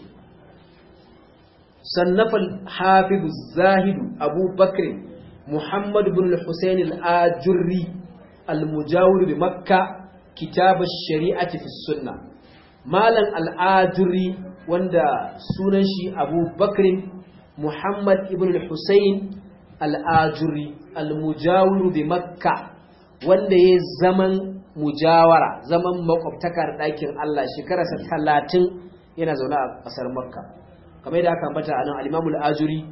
sannafal hafizu zahidu abubakar muhammad bin hussein al'ajurri al-mujawir bi makka kitabar shari'a fi sunna malan al'ajurri wanda sunan shi abubakar muhammad ibn hussein al'ajurri al-mujawir bi makka wanda ya zaman mujawara zaman makwabtakar ɗakin Allah shekararsa talatin yana zaune a ƙasar makka kamar yadda aka ambata a nan alimamul ajuri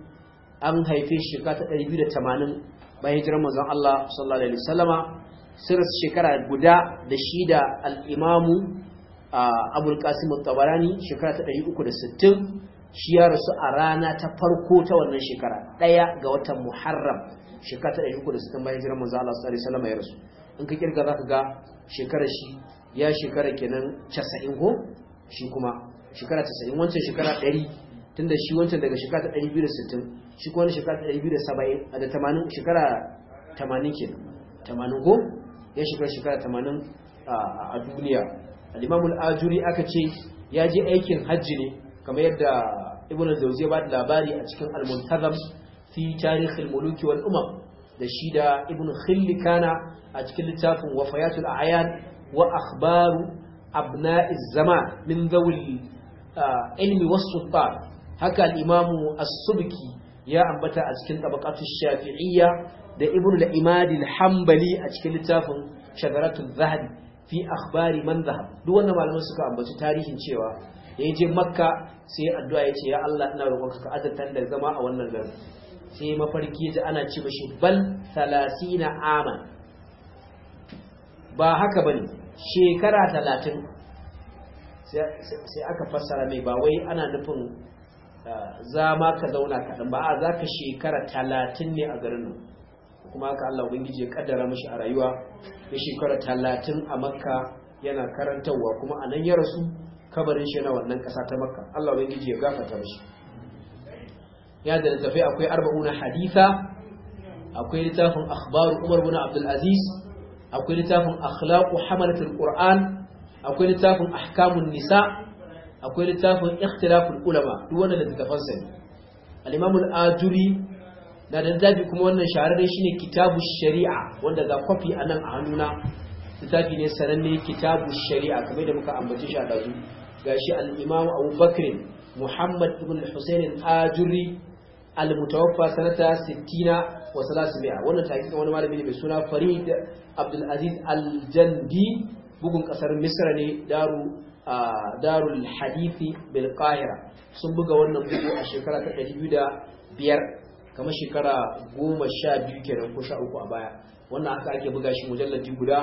an haife shekara ta 280 bayan jiran manzon Allah sallallahu alaihi wasallama rasu shekara guda da shi da al-imamu Abul Qasim al-Tabarani shekara ta 360 shi ya rasu a rana ta farko ta wannan shekara ɗaya ga watan Muharram shekara ta 360 bayan jiran manzon Allah sallallahu alaihi wasallama ya rasu in ka kirga za ka ga shekara shi ya shekara kenan casa'in ko shi kuma shekara casa'in wancan shekara ɗari tun da shi wancan daga shekara ta ɗari biyu da sittin shi kuma wani shekara ta ɗari biyu da saba'in a da tamanin shekara tamanin kenan tamanin ko ya shekara shekara tamanin a duniya al'imamul ajuri aka ce ya je aikin hajji ne kamar yadda ibn al-jawzi ba da labari a cikin al-muntazam fi tarihi al-muluki wal umam da shi da ibn khillikana a cikin littafin wafayatul a'yan wa akhbaru abna'iz zaman min zawil ilmi was haka al-imamu as-subki ya ambata a cikin tabaqatu shafi'iyya da ibn al-imad al-hanbali a cikin littafin shadaratul zahabi fi akhbari man zahab duk wannan malaman suka ambaci tarihin cewa da ya je makka sai addu'a ya ce ya Allah ina roƙonka ka azantar da zama a wannan garin sai mafarki ji ana ci mashi bal talasina aman ba haka bane shekara talatin sai aka fassara mai ba wai ana nufin zama ka zauna kaɗan ba a za ka shekara talatin ne a garin kuma haka Allah ubangiji ya kaddara mashi a rayuwa ya shekara talatin a makka yana karantarwa kuma a nan ya rasu kabarin shi na wannan ƙasa ta makka Allah ubangiji ya gafata mashi ya da littafai akwai arba'una haditha akwai littafin akhbaru umar bin abdul aziz akwai littafin akhlaqu hamalatul qur'an akwai littafin ahkamun nisa akwai littafin ikhtilaful ulama duk wannan da littafan sa ne al-imam al-ajuri da littafi kuma wannan shahararre shine kitabu shari'a wanda ga kwafi a nan a hannuna littafi ne sananne kitabu shari'a kamar da muka ambace shi a dazu gashi al-imam abubakar muhammad ibn husain al-ajuri al-mutawaffa sanata 60 wa 300 wannan taqiqa wani malami ne mai suna Farid Abdul Aziz Al-Jandi bugun kasar Misr ne daru darul hadithi bil Qahira sun buga wannan bugu a shekara ta biyar, kamar shekara 12 kenan ko 13 a baya wannan haka ake buga shi mujalladi guda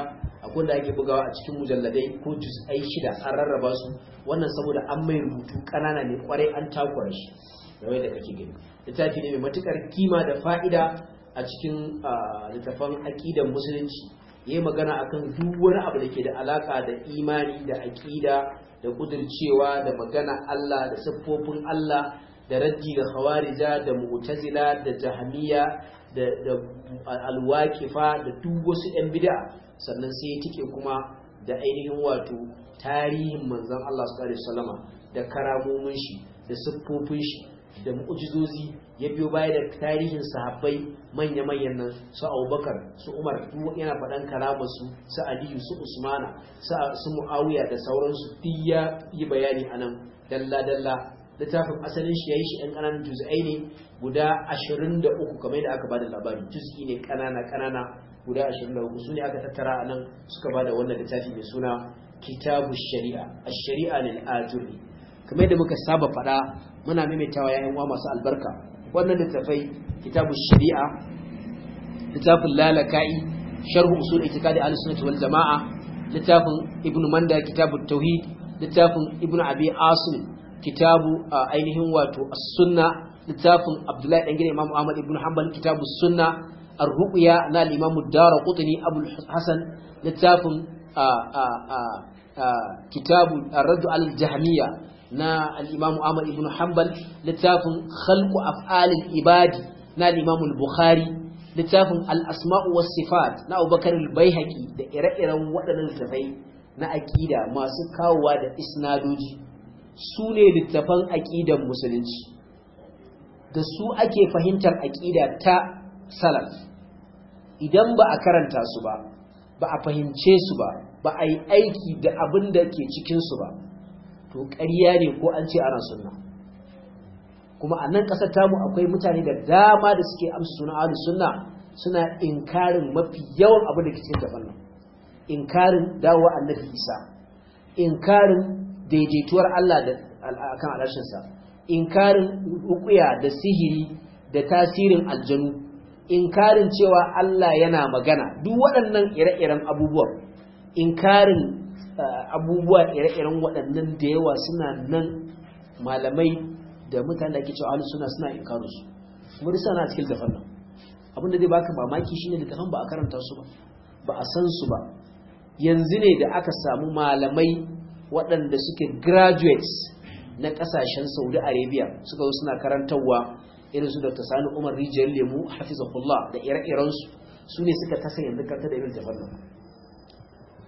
akwai da ake bugawa a cikin mujalladai ko juz'ai shida an rarraba su wannan saboda an mai rubutu kanana ne kwarai an takura shi kamar da kake gani littafi ne mai matukar kima da fa'ida a cikin littafan aƙidar musulunci ya yi magana akan duk wani abu da ke da alaka da imani da aƙida da kudircewa da magana Allah da siffofin Allah da raddi ga khawarija da mu'tazila da jahmiya da alwaqifa da duk wasu 'yan bid'a sannan sai ya tike kuma da ainihin wato tarihin manzon Allah sallallahu alaihi wasallama da karamomin shi da siffofin shi da mu'ujizozi ya biyo baya da tarihin sahabbai manya-manyan nan su abubakar su umar duk yana faɗan karamasu, su aliyu su usmana su mu'awiya da sauransu duk ya yi bayani a nan dalla-dalla littafin asalin shi ya yi shi ɗan ƙananan juz'ai ne guda ashirin kamar da aka ba labari juz'i ne ƙanana-ƙanana guda ashirin su ne aka tattara a nan suka ba da wannan littafi mai suna kitabu shari'a a shari'a lil kamar da muka saba faɗa muna maimaitawa yayin uwa masu albarka wannan littafai kitabu shari'a littafin lalaka'i sharhu usul itikadi ahlus sunnah wal jamaa littafin ibnu manda kitabu tauhid littafin ibnu abi asim kitabu ainihin wato as-sunna littafin abdullahi dan gidan imam ahmad ibnu hanbal kitabu sunna ar-ruqya na al-imam ad-darqutni abul hasan littafin kitabu ar-radd al-jahmiyya na alimam imam Ahmad ibn Hanbal littafin Khalqu Af'alil Ibadi na al bukhari littafin Al-Asma'u Sifat na Abubakar baihaki da ire-iren waɗannan zafai na aƙida masu kawowa da isnadoji su ne littafan aqidan musulunci da su ake fahimtar aƙida ta salaf idan ba a karanta su ba ba a fahimce su ba ba a yi aiki da abin da ke cikinsu ba to ƙarya ne ko an ce ana sunna kuma a nan ƙasar tamu akwai mutane da dama da suke amsa suna ahlu sunna suna inkarin mafi yawan abin da ke cikin nan inkarin dawo annabi isa inkarin daidaituwar Allah da kan alashinsa inkarin ukuya da sihiri da tasirin aljanu inkarin cewa Allah yana magana duk waɗannan ire-iren abubuwan inkarin abubuwa ire-iren waɗannan da yawa suna nan malamai da mutane da ke cewa ahlus suna suna inkarin su wani sana cikin da nan abinda zai baka mamaki shine da dafan ba a karanta su ba ba a san su ba yanzu ne da aka samu malamai waɗanda suke graduates na ƙasashen Saudi Arabia suka zo suna karantarwa irin su Dr. Sani Umar Rijiyar Lemu Hafizahullah da ire-irensu su ne suka tasa yanzu karta da irin dafan nan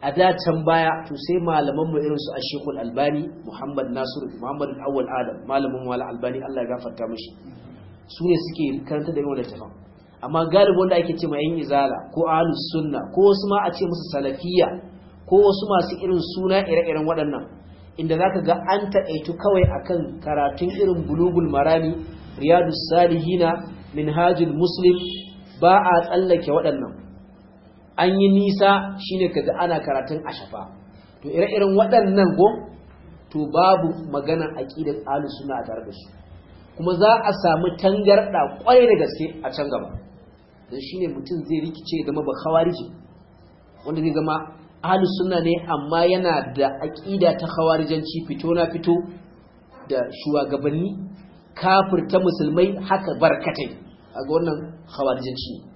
a da can baya to sai malaman mu irin su shekul Albani Muhammad Nasiru Muhammad al'awwal Adam malamin wala Albani Allah ya gafarta mishi su ne suke karanta da yawan littafin amma galibi wanda ake ce mai izala ko alu sunna ko wasu ma a ce musu salafiyya ko wasu masu irin suna ire-iren waɗannan inda zaka ga an taƙaitu kawai akan karatun irin bulugul marami riyadu salihina minhajul muslim ba a tsallake waɗannan an yi nisa shine kaga ana karatun ashafa to ire-iren waɗannan go to babu magana a ahlus suna a tare da su kuma za a samu tangarɗa ƙwarai da gaske a can gaba don shi ne mutum zai rikice da maba ba wanda zai zama ahlus suna ne amma yana da aƙida ta khawarijanci fito na fito da shugabanni ta musulmai haka barkatai a ga wannan khawarijanci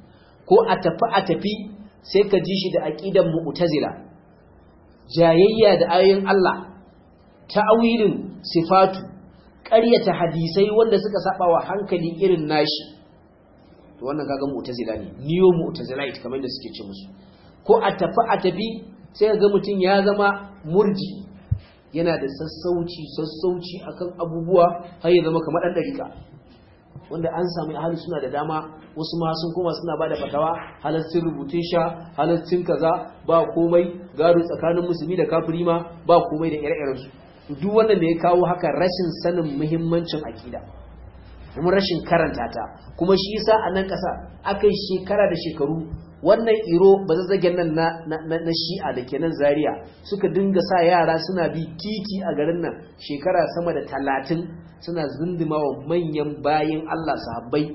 ko a tafi a tafi sai ka ji shi da aƙidan mu'tazila jayayya da ayoyin Allah ta'awilin sifatu ƙaryata hadisai wanda suka saba wa hankali irin nashi to wannan kaga mu'tazila ne niyo mu'tazilite kamar da suke ce musu ko a tafi a tafi sai ga mutum ya zama murji yana da sassauci sassauci akan abubuwa har ya zama kamar dan dariƙa wanda an sami ahli suna da dama wasu ma sun koma suna bada fatawa halaccin rubutun sha halaccin kaza ba komai gado tsakanin musulmi da kafiri ma ba komai da ire-iren duk wannan da ya kawo haka rashin sanin muhimmancin akida kuma rashin karanta ta kuma shi yasa a nan ƙasa aka shekara da shekaru wannan iro ba zazzagen nan na shi'a da kenan zaria suka dinga sa yara suna bi titi a garin nan shekara sama da talatin suna zunduma wa manyan bayan allah sahabbai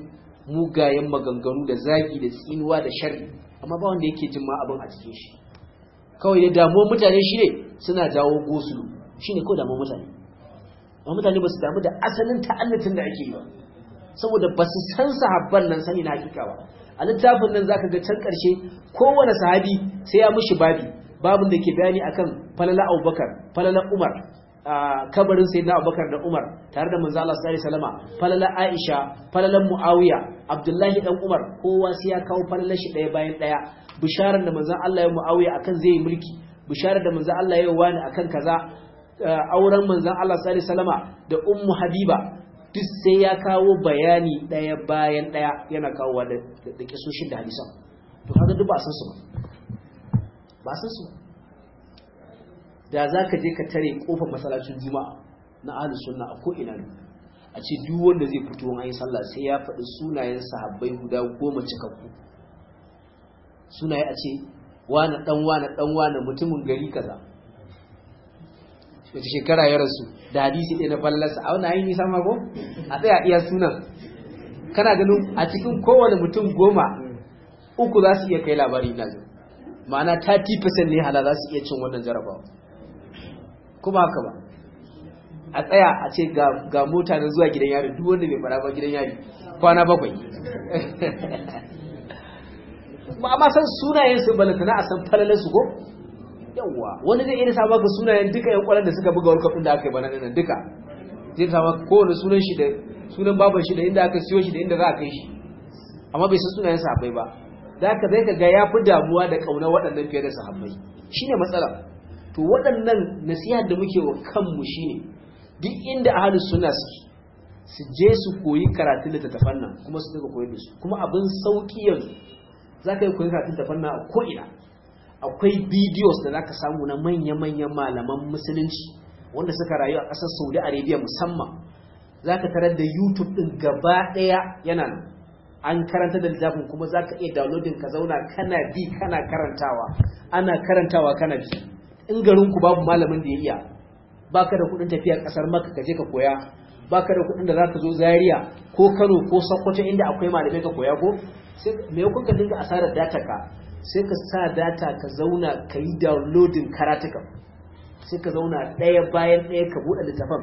mugayen maganganu da zagi da tsinuwa da sharri amma ba wanda yake jin ma abin a cikin shi kawai da damuwar mutane shi ne suna jawo gosulu shi ne kawai damuwar mutane amma mutane ba su damu da asalin ta'annatin da ake yi ba saboda ba su san sahabban nan sani na hakika ba a littafin nan zaka ga can ƙarshe kowane sahabi sai ya mushi babi babin da ke bayani akan falala Abubakar falala Umar kabarin sayyidina Abubakar da Umar tare da manzo Allah sallallahu alaihi wasallama falala Aisha falalan Muawiya Abdullahi dan Umar kowa sai ya kawo falalar shi ɗaya bayan ɗaya bisharar da manzo Allah ya Muawiya akan zai yi mulki bisharar da manzo Allah ya wani akan kaza auren manzo Allah sallallahu alaihi wasallama da ummu habiba duk sai ya kawo bayani ɗaya bayan ɗaya yana kawowa da da da hadisan to kaga duk ba san su ba ba san su da zaka je ka tare kofar masallacin juma'a na ahli sunna a ko ina a ce duk wanda zai fito an yi sallah sai ya faɗi sunayen sahabbai guda goma cikakku sunaye a ce wani dan wani dan wani mutumin gari kaza wata shekara ya rasu da hadisi ɗaya na fallarsa a wani ayi nisa ma ko a tsaya iya sunan kana ganin a cikin kowane mutum goma uku za su iya kai labari na zo ma'ana 30% ne hala za su iya cin wannan jarabawa kuma haka ba a tsaya a ce ga mota na zuwa gidan yari duk wanda bai fara ba gidan yari kwana bakwai ba ma san sunayen su balantana a san falalar su ko wani zai iya samar da sunayen duka yan kwanar da suka buga warkar cup da aka yi bana nan duka zai saba kowane sunan shi da sunan baban shi da inda aka siyo shi da inda za a kai shi amma bai san sunayen sahabbai ba da aka zai ka ga ya fi damuwa da kauna waɗannan fiye da sahabbai shine matsala to waɗannan nasiha da muke wa kanmu shine duk inda ahlus suna suke su je su koyi karatun littattafan nan kuma su daga koyi da su kuma abin sauki yanzu za ka yi koyi karatun littattafan nan a ko'ina akwai videos da za ka samu na manya-manyan malaman musulunci wanda suka rayu a ƙasar Saudi Arabia musamman ka tarar da YouTube din gaba ɗaya yana an karanta da littafin kuma za ka iya downloading ka zauna kana bi kana karantawa ana karantawa kana bi in garin ku babu malamin da ya iya ka da kuɗin tafiya ƙasar maka ka je ka koya ba ka da kuɗin da za ka zo Zaria ko Kano ko Sokoto inda akwai malamai ka koya ko sai me kuka dinga asarar data ka sai ka sa data ka zauna ka yi downloading karatukan sai ka zauna ɗaya bayan ɗaya ka buɗe littafan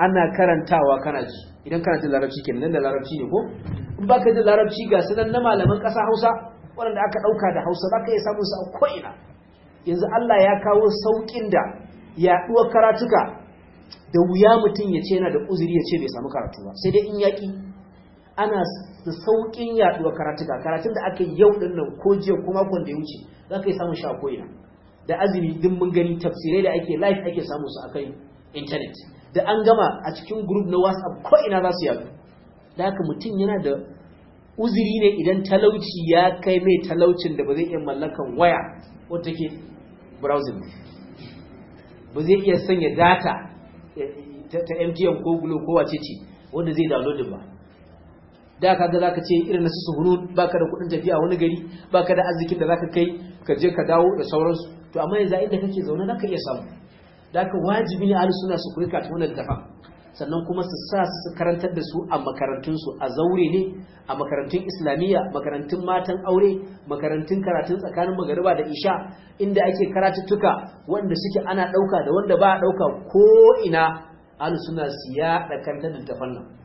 ana karantawa kana ji idan kana jin larabci kenan nan da larabci ne ko in ba ka jin larabci ga sanan na malaman ƙasa hausa waɗanda aka ɗauka da hausa za ka iya samun su a ko'ina yanzu allah ya kawo sauƙin da yaɗuwar karatuka da wuya mutum ya ce yana da uzuri ya ce bai samu karatu ba sai dai in yaƙi ana da saukin yaduwar karatuka karatun da aka yi yau din nan ko jiya ko makon da ya wuce za ka yi samun sha a da azumi din mun gani tafsirai da ake live ake samun su a akan internet da an gama a cikin group na whatsapp ko'ina za su yadu da haka mutum yana da uzuri ne idan talauci ya kai mai talaucin da ba zai iya mallakan waya wata ke browsing ba zai iya sanya data eh, ta mtn ko glo ko wacece wanda zai downloading ba da ka za ka ce irin nasu ba ka da kudin tafiya wani gari ba ka da arzikin da za ka kai ka je ka dawo da sauransu to amma yanzu inda kake zaune zaka iya samu da ka wajibi ne ahli sunna su kuri karatu wannan tafa sannan kuma su sa su karantar da su a makarantunsu a zaure ne a makarantun islamiyya makarantun matan aure makarantun karatun tsakanin magariba da isha inda ake karatuttuka wanda suke ana ɗauka da wanda ba a dauka ko ina ahli sunna su yaɗa karantar da nan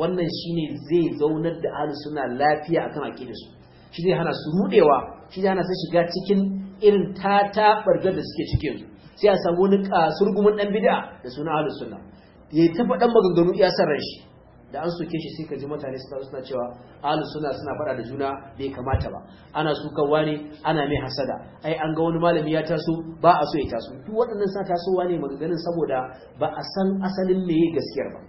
wannan shine zai zaunar da ahli suna lafiya akan su. shi zai hana su rudewa shi zai hana su shiga cikin irin tata bargar da suke cikin sai a samu wani kasurgumin dan bid'a da suna ahlus sunna ya tafa faɗan maganganu iya san ran shi da an soke shi sai ka ji mutane suna suna cewa ahlus suna suna faɗa da juna bai kamata ba ana kawwa ne ana mai hasada ai an ga wani malami ya taso ba a so ya taso duk waɗannan suna tasowa ne maganganun saboda ba a san asalin meye gaskiyar ba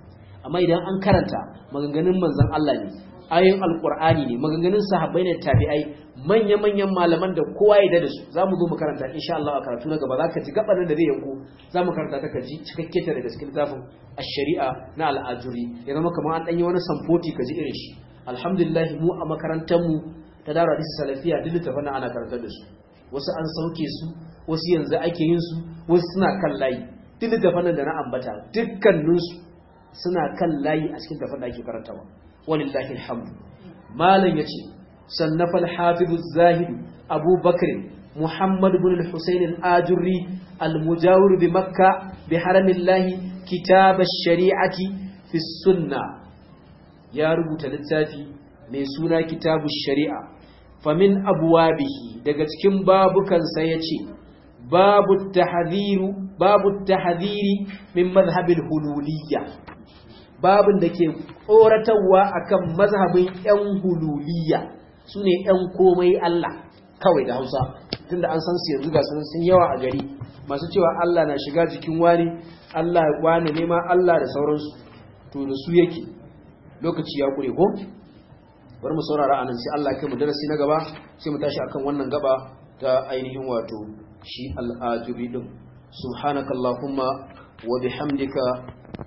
amma idan an karanta maganganun manzan Allah ne ayoyin al'kur'ani ne maganganun sahabbai ne tabi'ai manya-manyan malaman da kowa ya da su mu zo mu karanta insha Allah a karatu na gaba za ka ji gabanin da zai za mu karanta ta ji cikakke ta daga cikin littafin ash-shari'a na al'ajuri ya zama kamar an danyi wani samfoti ka ji irin shi alhamdulillah mu a makarantar mu ta dara da salafiya duk littafin ana karanta da su wasu an sauke su wasu yanzu ake yin su wasu suna kan layi duk littafin da na ambata dukkaninsu suna kan layi a cikin dafa da ake karantawa walillahi alhamdu malam yace ce, sannafal hafiz az Abu Bakr Muhammad ibn al-Husayn al-Ajurri al-mujawir bi Makka bi haramillahi kitab ash fi sunnah ya rubuta littafi mai suna kitabu shari'a famin abwabihi daga cikin babukansa ya ce babu tahdhiri min mazhabin hululiyya babin da ke tsoratarwa kan mazhabin 'yan hululiya su ne 'yan komai Allah kawai da hausa tunda an san su yanzu ga sun yawa a gari masu cewa Allah na shiga jikin wani Allah wani nema Allah da sauransu to da su yake lokaci ya kure ko bari mu saurara anan sai Allah kai mu darasi na gaba sai mu tashi akan wannan gaba ta ainihin wato shi al'ajubi din subhanakallahumma wa bihamdika